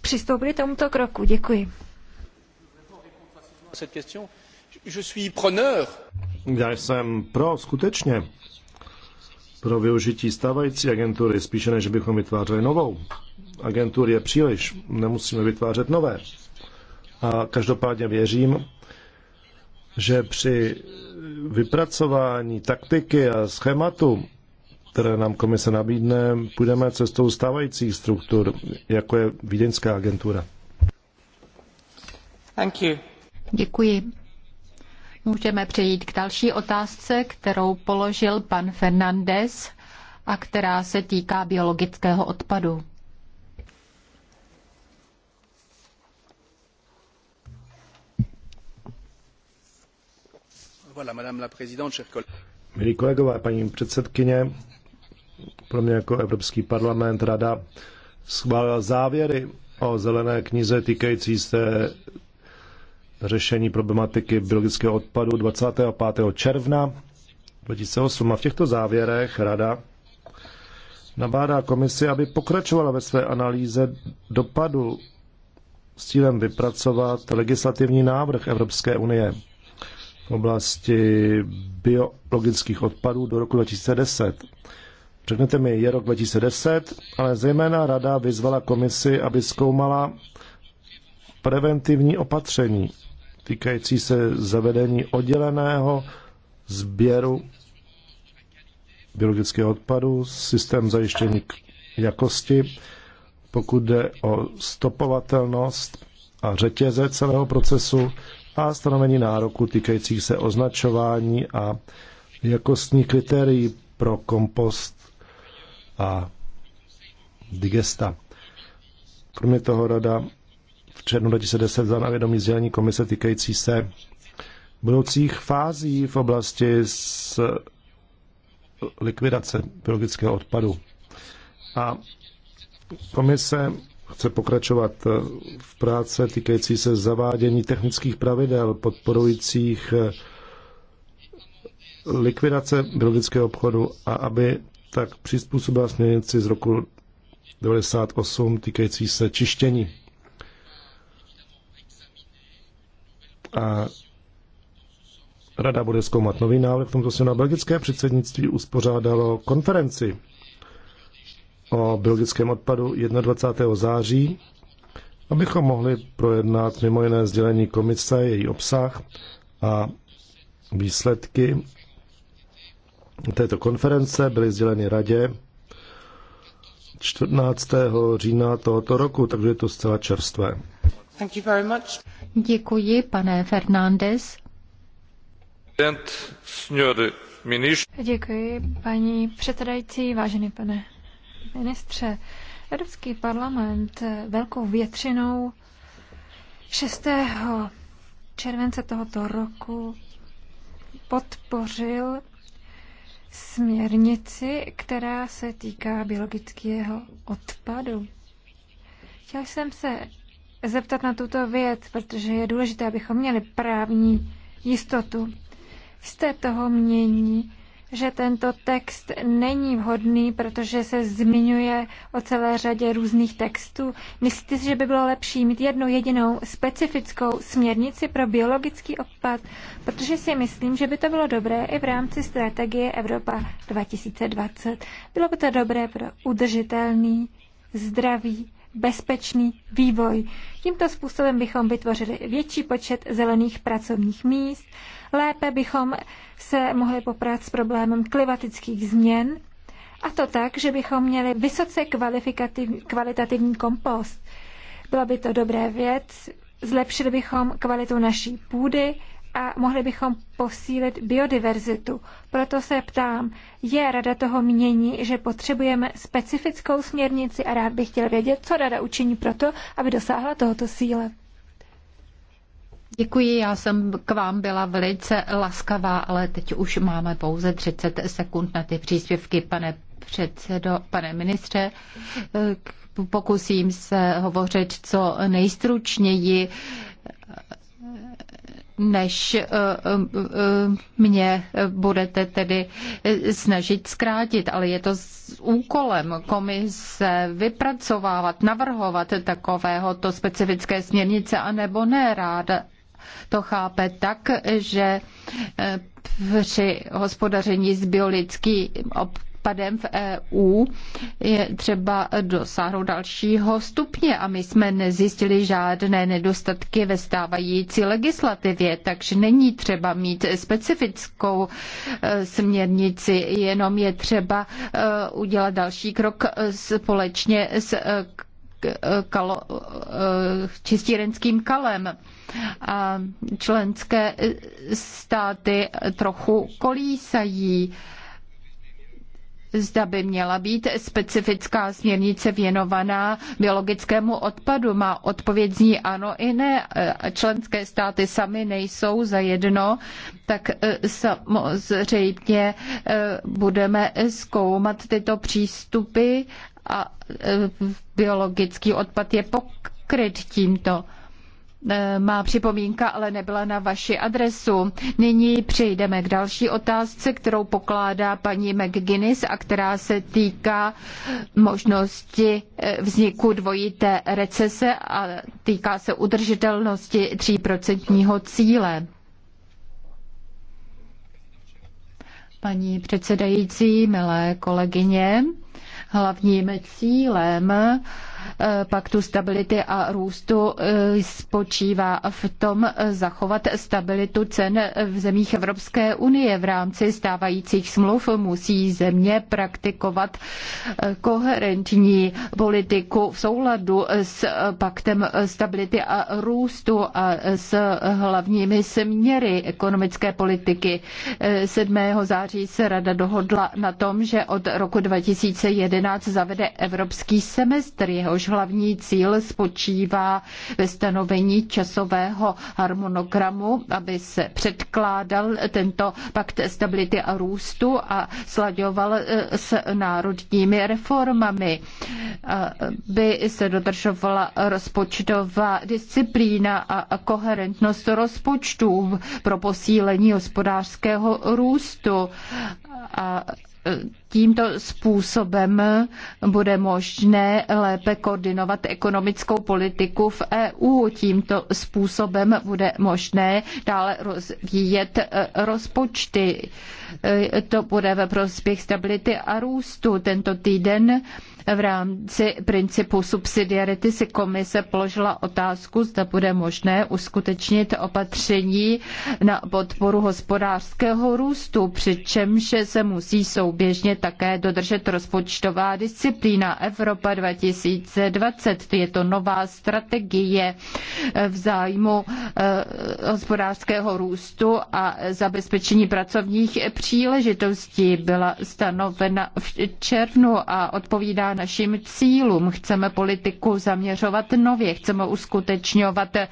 přistoupili tomuto kroku. Děkuji. Já jsem pro, skutečně, pro využití stávající agentury, spíše než bychom vytvářeli novou. Agentur je příliš, nemusíme vytvářet nové. A každopádně věřím, že při vypracování taktiky a schématu, které nám komise nabídne, půjdeme cestou stávajících struktur, jako je Vídeňská agentura. Thank you. Děkuji. Můžeme přejít k další otázce, kterou položil pan Fernandez a která se týká biologického odpadu. Milí kolegové, paní předsedkyně, pro mě jako Evropský parlament rada schválila závěry o zelené knize týkající se řešení problematiky biologického odpadu 25. června 2008. A v těchto závěrech Rada nabádá komisi, aby pokračovala ve své analýze dopadu s cílem vypracovat legislativní návrh Evropské unie v oblasti biologických odpadů do roku 2010. Řeknete mi, je rok 2010, ale zejména Rada vyzvala komisi, aby zkoumala preventivní opatření týkající se zavedení odděleného sběru biologického odpadu, systém zajištění jakosti, pokud jde o stopovatelnost a řetěze celého procesu a stanovení nároku týkajících se označování a jakostní kritérií pro kompost a digesta. Kromě toho rada černu 2010 za navědomí sdělení komise týkající se budoucích fází v oblasti s likvidace biologického odpadu. A komise chce pokračovat v práce týkající se zavádění technických pravidel podporujících likvidace biologického obchodu a aby tak přizpůsobila směrnici z roku 98 týkající se čištění A Rada bude zkoumat nový návrh. V tomto se na belgické předsednictví uspořádalo konferenci o belgickém odpadu 21. září, abychom mohli projednat mimo jiné sdělení komise, její obsah a výsledky této konference byly sděleny radě 14. října tohoto roku, takže je to zcela čerstvé. Thank you very much. Děkuji, pane Fernández. Děkuji, paní předsedající, vážený pane ministře. Evropský parlament velkou většinou 6. července tohoto roku podpořil směrnici, která se týká biologického odpadu. Chtěl jsem se zeptat na tuto věc, protože je důležité, abychom měli právní jistotu. Jste toho mění, že tento text není vhodný, protože se zmiňuje o celé řadě různých textů. Myslíte si, že by bylo lepší mít jednu jedinou specifickou směrnici pro biologický odpad, protože si myslím, že by to bylo dobré i v rámci strategie Evropa 2020. Bylo by to dobré pro udržitelný, zdravý bezpečný vývoj. Tímto způsobem bychom vytvořili větší počet zelených pracovních míst, lépe bychom se mohli poprat s problémem klimatických změn, a to tak, že bychom měli vysoce kvalitativní kompost. Byla by to dobré věc, zlepšili bychom kvalitu naší půdy a mohli bychom posílit biodiverzitu. Proto se ptám, je rada toho mění, že potřebujeme specifickou směrnici a rád bych chtěl vědět, co rada učiní proto, aby dosáhla tohoto síle. Děkuji, já jsem k vám byla velice laskavá, ale teď už máme pouze 30 sekund na ty příspěvky, pane předsedo, pane ministře. Pokusím se hovořit co nejstručněji než eh, eh, eh, mě budete tedy snažit zkrátit, ale je to s úkolem komise vypracovávat, navrhovat takovéhoto specifické směrnice, anebo ne ráda to chápe tak, že při hospodaření s biologickým odpadem v EU, je třeba dosáhnout dalšího stupně a my jsme nezjistili žádné nedostatky ve stávající legislativě, takže není třeba mít specifickou e, směrnici, jenom je třeba e, udělat další krok e, společně s kalo, čistírenským kalem. A členské státy trochu kolísají zda by měla být specifická směrnice věnovaná biologickému odpadu. Má odpověď zní ano i ne. E, členské státy sami nejsou za jedno, tak e, samozřejmě e, budeme zkoumat tyto přístupy a biologický odpad je pokryt tímto. Eh, má připomínka ale nebyla na vaši adresu. Nyní přejdeme k další otázce, kterou pokládá paní McGuinness a která se týká možnosti eh, vzniku dvojité recese a týká se udržitelnosti 3% cíle. Paní předsedající, milé kolegyně, hlavním cílem Eh, paktu stability a růstu eh, spočívá v tom eh, zachovat stabilitu cen v zemích Evropské unie. V rámci stávajících smluv musí země praktikovat koherentní politiku v souladu s paktem stability a růstu a s hlavními směry ekonomické politiky. 7. září se Rada dohodla na tom, že od roku 2011 zavede evropský semestr. Jeho jehož hlavní cíl spočívá ve stanovení časového harmonogramu, aby se předkládal tento pakt stability a růstu a slaďoval eh, s národními reformami, by se dodržovala rozpočtová disciplína a koherentnost rozpočtů pro posílení hospodářského růstu a Tímto způsobem bude možné lépe koordinovat ekonomickou politiku v EU. Tímto způsobem bude možné dále rozvíjet e, rozpočty. E, to bude ve prospěch stability a růstu. Tento týden v rámci principu subsidiarity si komise položila otázku, zda bude možné uskutečnit opatření na podporu hospodářského růstu, přičemž se musí souběžně také dodržet rozpočtová disciplína Evropa 2020. Je to nová strategie v zájmu eh, hospodářského růstu a zabezpečení pracovních příležitostí. Byla stanovena v červnu a odpovídá našim cílům. Chceme politiku zaměřovat nově, chceme uskutečňovat eh,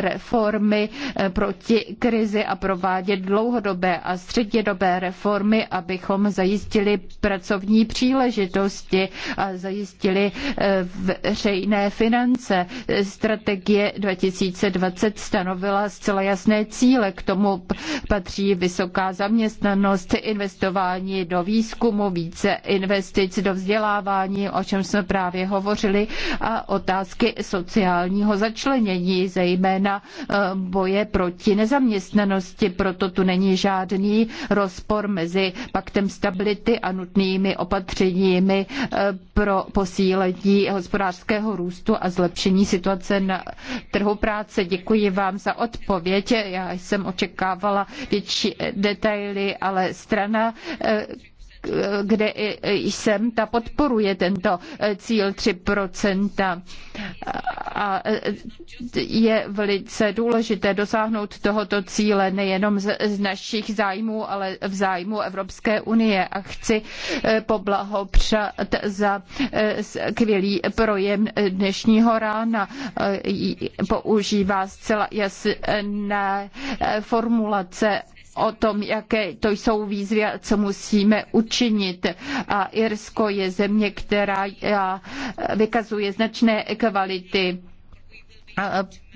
reformy eh, proti krizi a provádět dlouhodobé a střednědobé reformy, abychom zajistili pracovní příležitosti a zajistili eh, veřejné finance. Strategie 2020 stanovila zcela jasné cíle. K tomu patří vysoká zaměstnanost, investování do výzkumu, více investic do vzdělávání, vzdělání, o čem jsme právě hovořili, a otázky sociálního začlenění, zejména eh, boje proti nezaměstnanosti. Proto tu není žádný rozpor mezi paktem stability a nutnými opatřeními eh, pro posílení hospodářského růstu a zlepšení situace na trhu práce. Děkuji vám za odpověď. Já jsem očekávala větší detaily, ale strana, eh, kde e, jsem, ta podporuje tento e, cíl 3%. A e, je velice důležité dosáhnout tohoto cíle nejenom z našich zájmů, ale v zájmu Evropské unie. A chci poblahopřát za skvělý projem dnešního rána. Používá zcela jasné formulace o tom, jaké to jsou výzvy a co musíme učinit. A Irsko je země, která eh, vykazuje značné kvality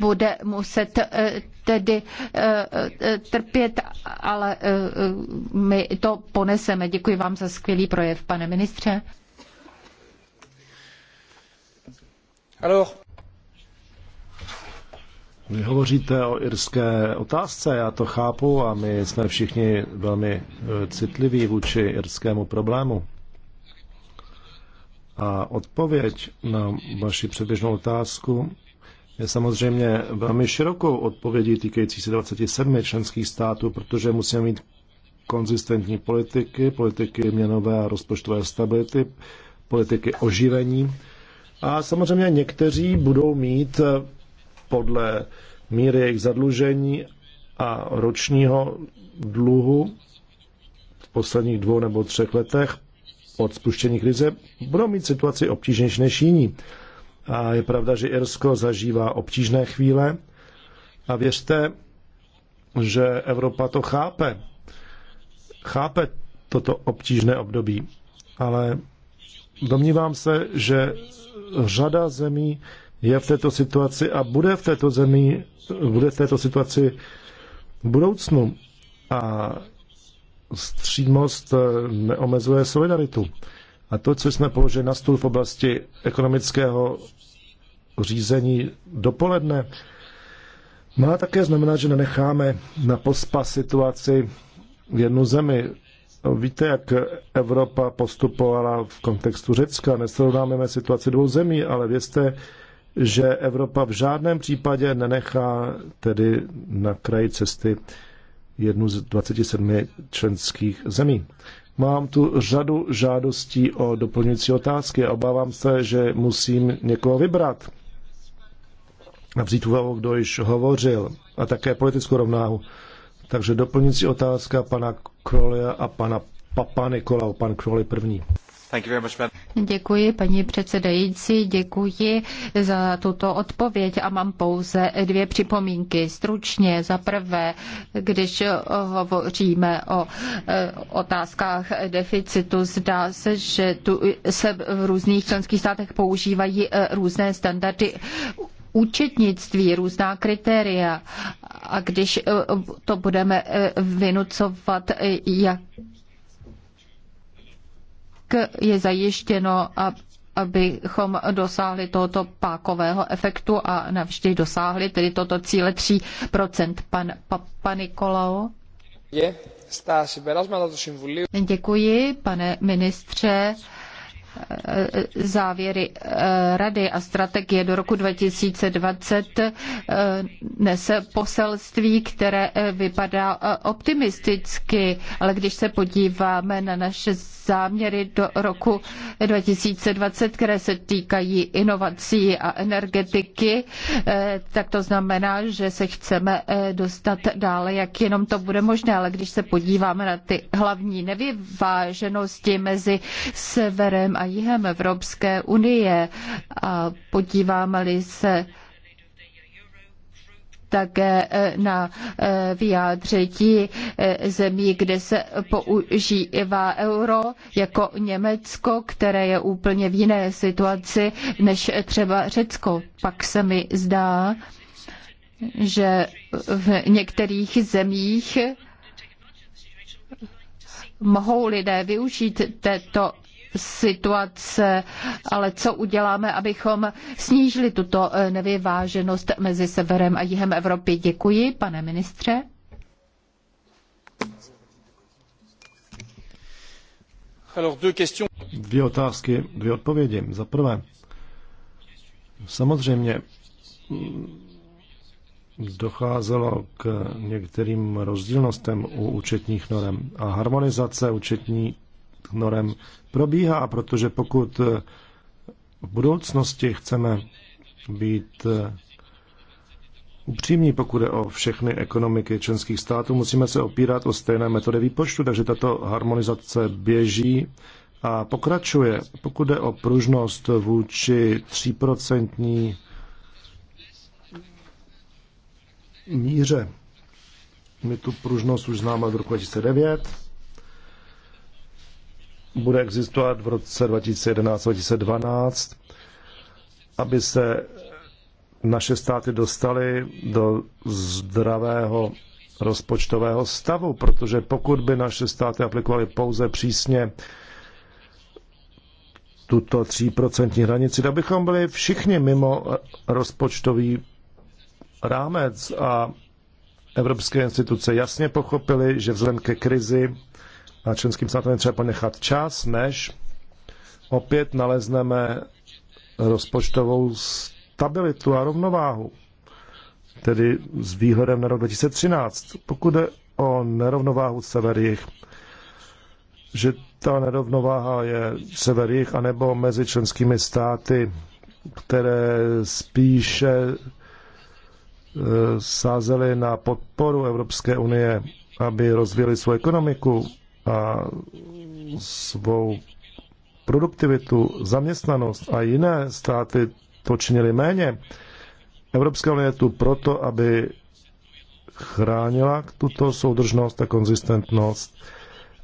bude muset eh, tedy eh, trpět, ale my to poneseme. Děkuji vám za skvělý projev, pane ministře. Alors, vy hovoříte o irské otázce, já to chápu a my jsme všichni velmi eh, citliví vůči irskému problému. A odpověď na vaši předběžnou otázku je samozřejmě velmi širokou odpovědí týkající se 27 členských států, protože musíme mít konzistentní politiky, politiky měnové a rozpočtové stability, politiky oživení. A samozřejmě někteří budou mít eh, podle míry jejich zadlužení a ročního dluhu v posledních dvou nebo třech letech od spuštění krize budou mít situaci obtížnější než jiní. A je pravda, že Irsko zažívá obtížné chvíle a věřte, že Evropa to chápe. Chápe toto obtížné období, ale domnívám se, že řada zemí je v této situaci a bude v této zemi, bude v této situaci v budoucnu. A střídmost eh, neomezuje solidaritu. A to, co jsme položili na stůl v oblasti ekonomického řízení dopoledne, má také znamenat, že nenecháme na pospa situaci jednu zemi. Víte, jak Evropa postupovala v kontextu Řecka. Nesrovnáme situaci dvou zemí, ale vězte, že Evropa v žádném případě nenechá tedy na kraji cesty jednu z 27 členských zemí. Mám tu řadu žádostí o doplňující otázky a obávám se, že musím někoho vybrat. vzít úvahu, kdo již hovořil, a také politickou rovnáhu. Takže doplňující otázka pana Krolia a pana Papa Nikolau, pan Kroli první. Děkuji, paní předsedající, děkuji za tuto odpověď a mám pouze dvě připomínky. Stručně, za prvé, když hovoříme o eh, otázkách deficitu, zdá se, že tu se v různých členských státech používají eh, různé standardy účetnictví, různá kritéria. A když eh, to budeme vynucovat, jak je zajištěno, abychom dosáhli tohoto pákového efektu a navždy dosáhli tedy toto cíle 3%. Pan Papa Nikolao. Děkuji, pane ministře závěry eh, Rady a strategie do roku 2020 eh, nese poselství, které eh, vypadá optimisticky, ale když se podíváme na naše záměry do roku 2020, které se týkají inovací a energetiky, eh, tak to znamená, že se chceme eh, dostat dále, jak jenom to bude možné. Ale když se podíváme na ty hlavní nevyváženosti mezi severem a jihem Evropské unie a podíváme-li se také eh, na eh, vyjádření eh, zemí, kde se používá euro, jako Německo, které je úplně v jiné situaci než třeba Řecko. Pak se mi zdá, že v některých zemích mohou lidé využít této situace, ale co uděláme, abychom snížili tuto eh, nevyváženost mezi severem a jihem Evropy? Děkuji, pane ministře. Dvě otázky, dvě odpovědi. Za prvé, samozřejmě mm, docházelo k některým rozdílnostem u účetních norem a harmonizace účetní norem probíhá, protože pokud eh, v budoucnosti chceme být eh, upřímní, pokud je o všechny ekonomiky členských států, musíme se opírat o stejné metody výpočtu, takže tato harmonizace běží a pokračuje. Pokud je o pružnost vůči 3% míře, my tu pružnost už známe od roku 2009, bude existovat v roce 2011-2012, aby se naše státy dostaly do zdravého rozpočtového stavu, protože pokud by naše státy aplikovaly pouze přísně tuto 3% hranici, tak bychom byli všichni mimo rozpočtový rámec a evropské instituce jasně pochopili, že vzhledem ke krizi a členským je třeba ponechat čas, než opět nalezneme rozpočtovou stabilitu a rovnováhu, tedy s výhledem na rok 2013. Pokud jde o nerovnováhu sever že ta nerovnováha je sever jich, anebo mezi členskými státy, které spíše e, sázely na podporu Evropské unie, aby rozvíjeli svou ekonomiku a svou produktivitu, zaměstnanost a jiné státy to činili méně. Evropská unie je tu proto, aby chránila tuto soudržnost a konzistentnost.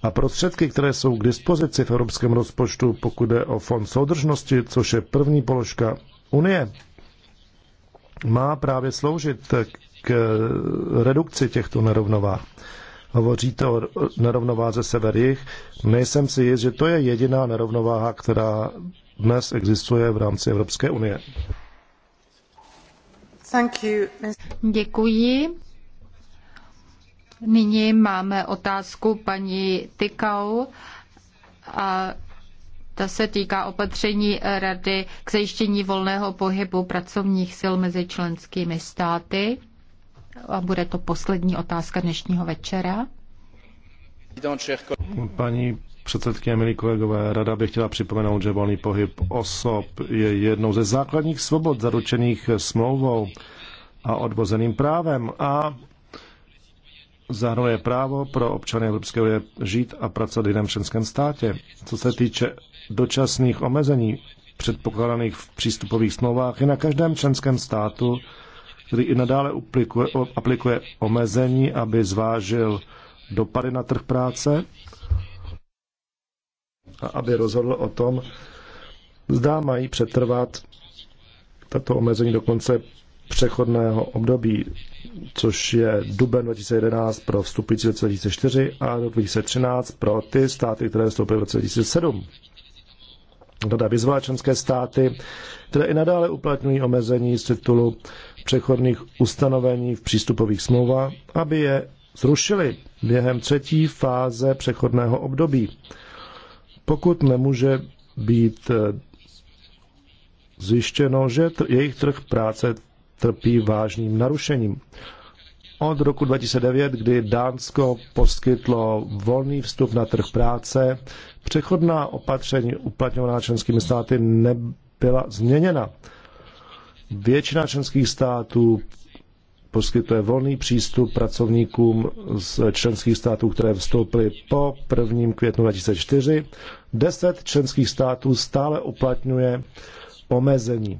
A prostředky, které jsou k dispozici v evropském rozpočtu, pokud jde o fond soudržnosti, což je první položka Unie, má právě sloužit k redukci těchto nerovnovách. Hovoří to o nerovnováze sever Nejsem si jist, že to je jediná nerovnováha, která dnes existuje v rámci Evropské unie. Děkuji. Nyní máme otázku paní Tykau a ta se týká opatření Rady k zajištění volného pohybu pracovních sil mezi členskými státy. A bude to poslední otázka dnešního večera. Paní předsedkyně, milí kolegové, rada bych chtěla připomenout, že volný pohyb osob je jednou ze základních svobod zaručených smlouvou a odvozeným právem a zahrnuje právo pro občany Evropské unie žít a pracovat v jiném členském státě. Co se týče dočasných omezení předpokládaných v přístupových smlouvách, je na každém členském státu který i nadále aplikuje, aplikuje omezení, aby zvážil dopady na trh práce a aby rozhodl o tom, zda mají přetrvat tato omezení do konce přechodného období, což je duben 2011 pro vstupující v 2004 a do 2013 pro ty státy, které vstoupily v 2007 teda vyzvala členské státy, které i nadále uplatňují omezení z titulu přechodných ustanovení v přístupových smlouvách, aby je zrušili během třetí fáze přechodného období, pokud nemůže být eh, zjištěno, že jejich trh práce trpí vážným narušením od roku 2009, kdy Dánsko poskytlo volný vstup na trh práce, přechodná opatření uplatňovaná členskými státy nebyla změněna. Většina členských států poskytuje volný přístup pracovníkům z členských států, které vstoupily po 1. květnu 2004. Deset členských států stále uplatňuje omezení.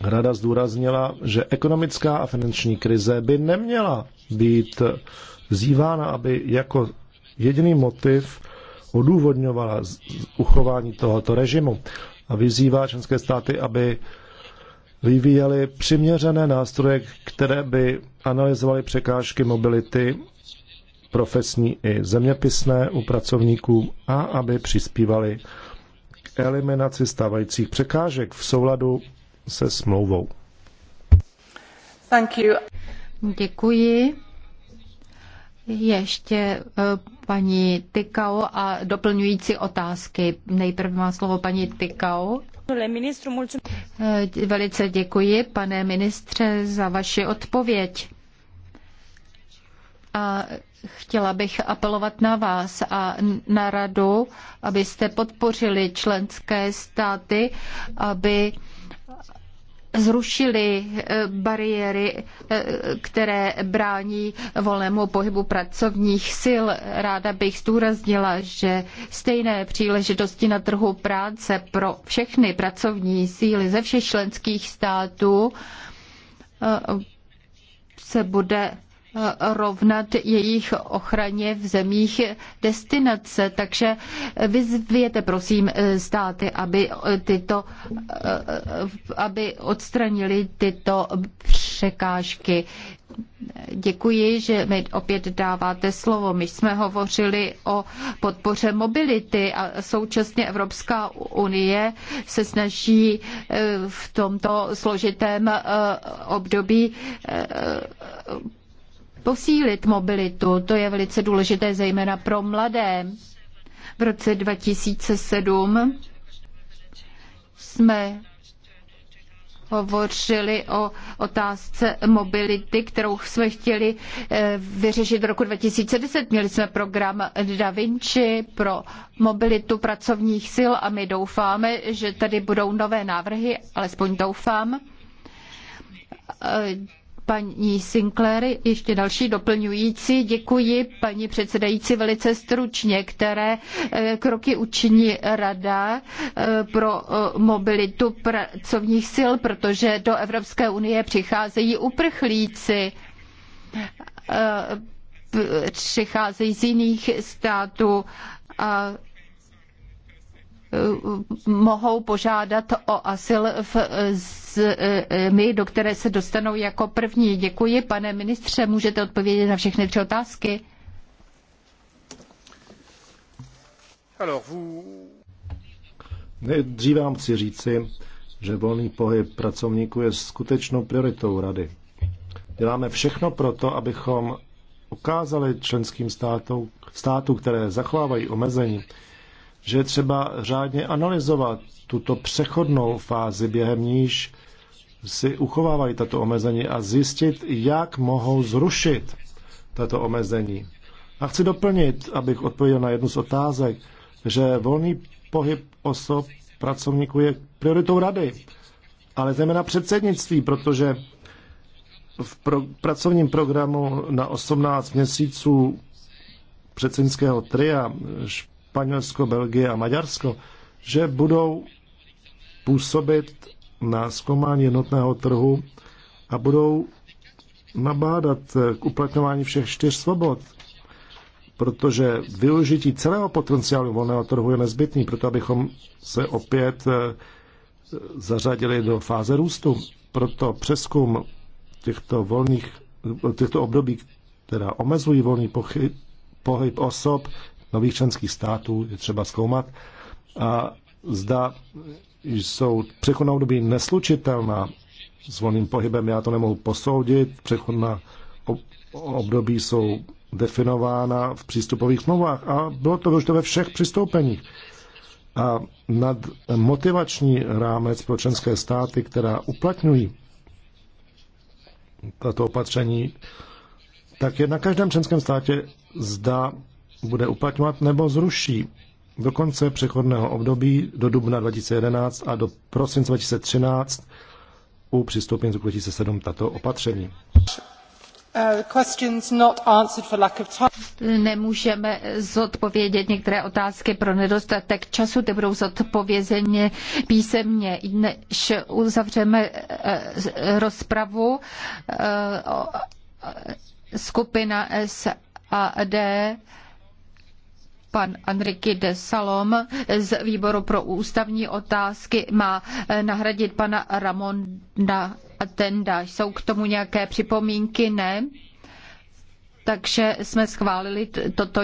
Rada zdůraznila, že ekonomická a finanční krize by neměla být vzývána, aby jako jediný motiv odůvodňovala uchování tohoto režimu a vyzývá členské státy, aby vyvíjeli přiměřené nástroje, které by analyzovaly překážky mobility profesní i zeměpisné u pracovníků a aby přispívali k eliminaci stávajících překážek v souladu se smlouvou. Thank you. Děkuji. Ještě eh, paní Tykao a doplňující otázky. Nejprve má slovo paní Tykao. Eh, velice děkuji, pane ministře, za vaši odpověď. A chtěla bych apelovat na vás a na radu, abyste podpořili členské státy, aby zrušili eh, bariéry, eh, které brání volnému pohybu pracovních sil. Ráda bych zdůraznila, že stejné příležitosti na trhu práce pro všechny pracovní síly ze všech členských států eh, se bude rovnat jejich ochraně v zemích destinace. Takže vyzvěte prosím státy, aby, tyto, aby odstranili tyto překážky. Děkuji, že mi opět dáváte slovo. My jsme hovořili o podpoře mobility a současně Evropská unie se snaží eh, v tomto složitém eh, období eh, posílit mobilitu. To je velice důležité zejména pro mladé. V roce 2007 jsme hovořili o otázce mobility, kterou jsme chtěli eh, vyřešit v roku 2010. Měli jsme program Da Vinci pro mobilitu pracovních sil a my doufáme, že tady budou nové návrhy, alespoň doufám eh, paní Sinclair. Ještě další doplňující. Děkuji paní předsedající velice stručně, které eh, kroky učiní Rada eh, pro eh, mobilitu pracovních sil, protože do Evropské unie přicházejí uprchlíci přicházejí z jiných států a mohou požádat o asyl v zemi, do které se dostanou jako první. Děkuji, pane ministře, můžete odpovědět na všechny tři otázky. Nejdříve vám chci říci, že volný pohyb pracovníků je skutečnou prioritou Rady. Děláme všechno pro to, abychom ukázali členským státům, státu, které zachovávají omezení, že je třeba řádně analyzovat tuto přechodnou fázi, během níž si uchovávají tato omezení a zjistit, jak mohou zrušit tato omezení. A chci doplnit, abych odpověděl na jednu z otázek, že volný pohyb osob pracovníků je prioritou rady, ale zejména předsednictví, protože v pro, pracovním programu na 18 měsíců předsednického tria Španělsko, Belgie a Maďarsko, že budou působit na zkoumání jednotného trhu a budou nabádat k uplatňování všech čtyř svobod, protože využití celého potenciálu volného trhu je nezbytný, proto abychom se opět eh, zařadili do fáze růstu. Proto přeskum těchto volných, eh, těchto období, která omezují volný pohyb osob, nových členských států je třeba zkoumat. A zda jsou přechodná období neslučitelná s volným pohybem, já to nemohu posoudit. Přechodná období jsou definována v přístupových smlouvách a bylo to to ve všech přistoupeních. A nad motivační rámec pro členské státy, která uplatňují tato opatření, tak je na každém členském státě zda bude uplatňovat nebo zruší do konce přechodného období do dubna 2011 a do prosince 2013 u přistoupení z 2007 tato opatření. Uh, Nemůžeme zodpovědět některé otázky pro nedostatek času, ty budou zodpovězeně písemně. Než uzavřeme eh, rozpravu, eh, eh, skupina SAD Pan Enrique de Salom z výboru pro ústavní otázky má eh, nahradit pana Ramona Atenda. Jsou k tomu nějaké připomínky? Ne? Takže jsme schválili toto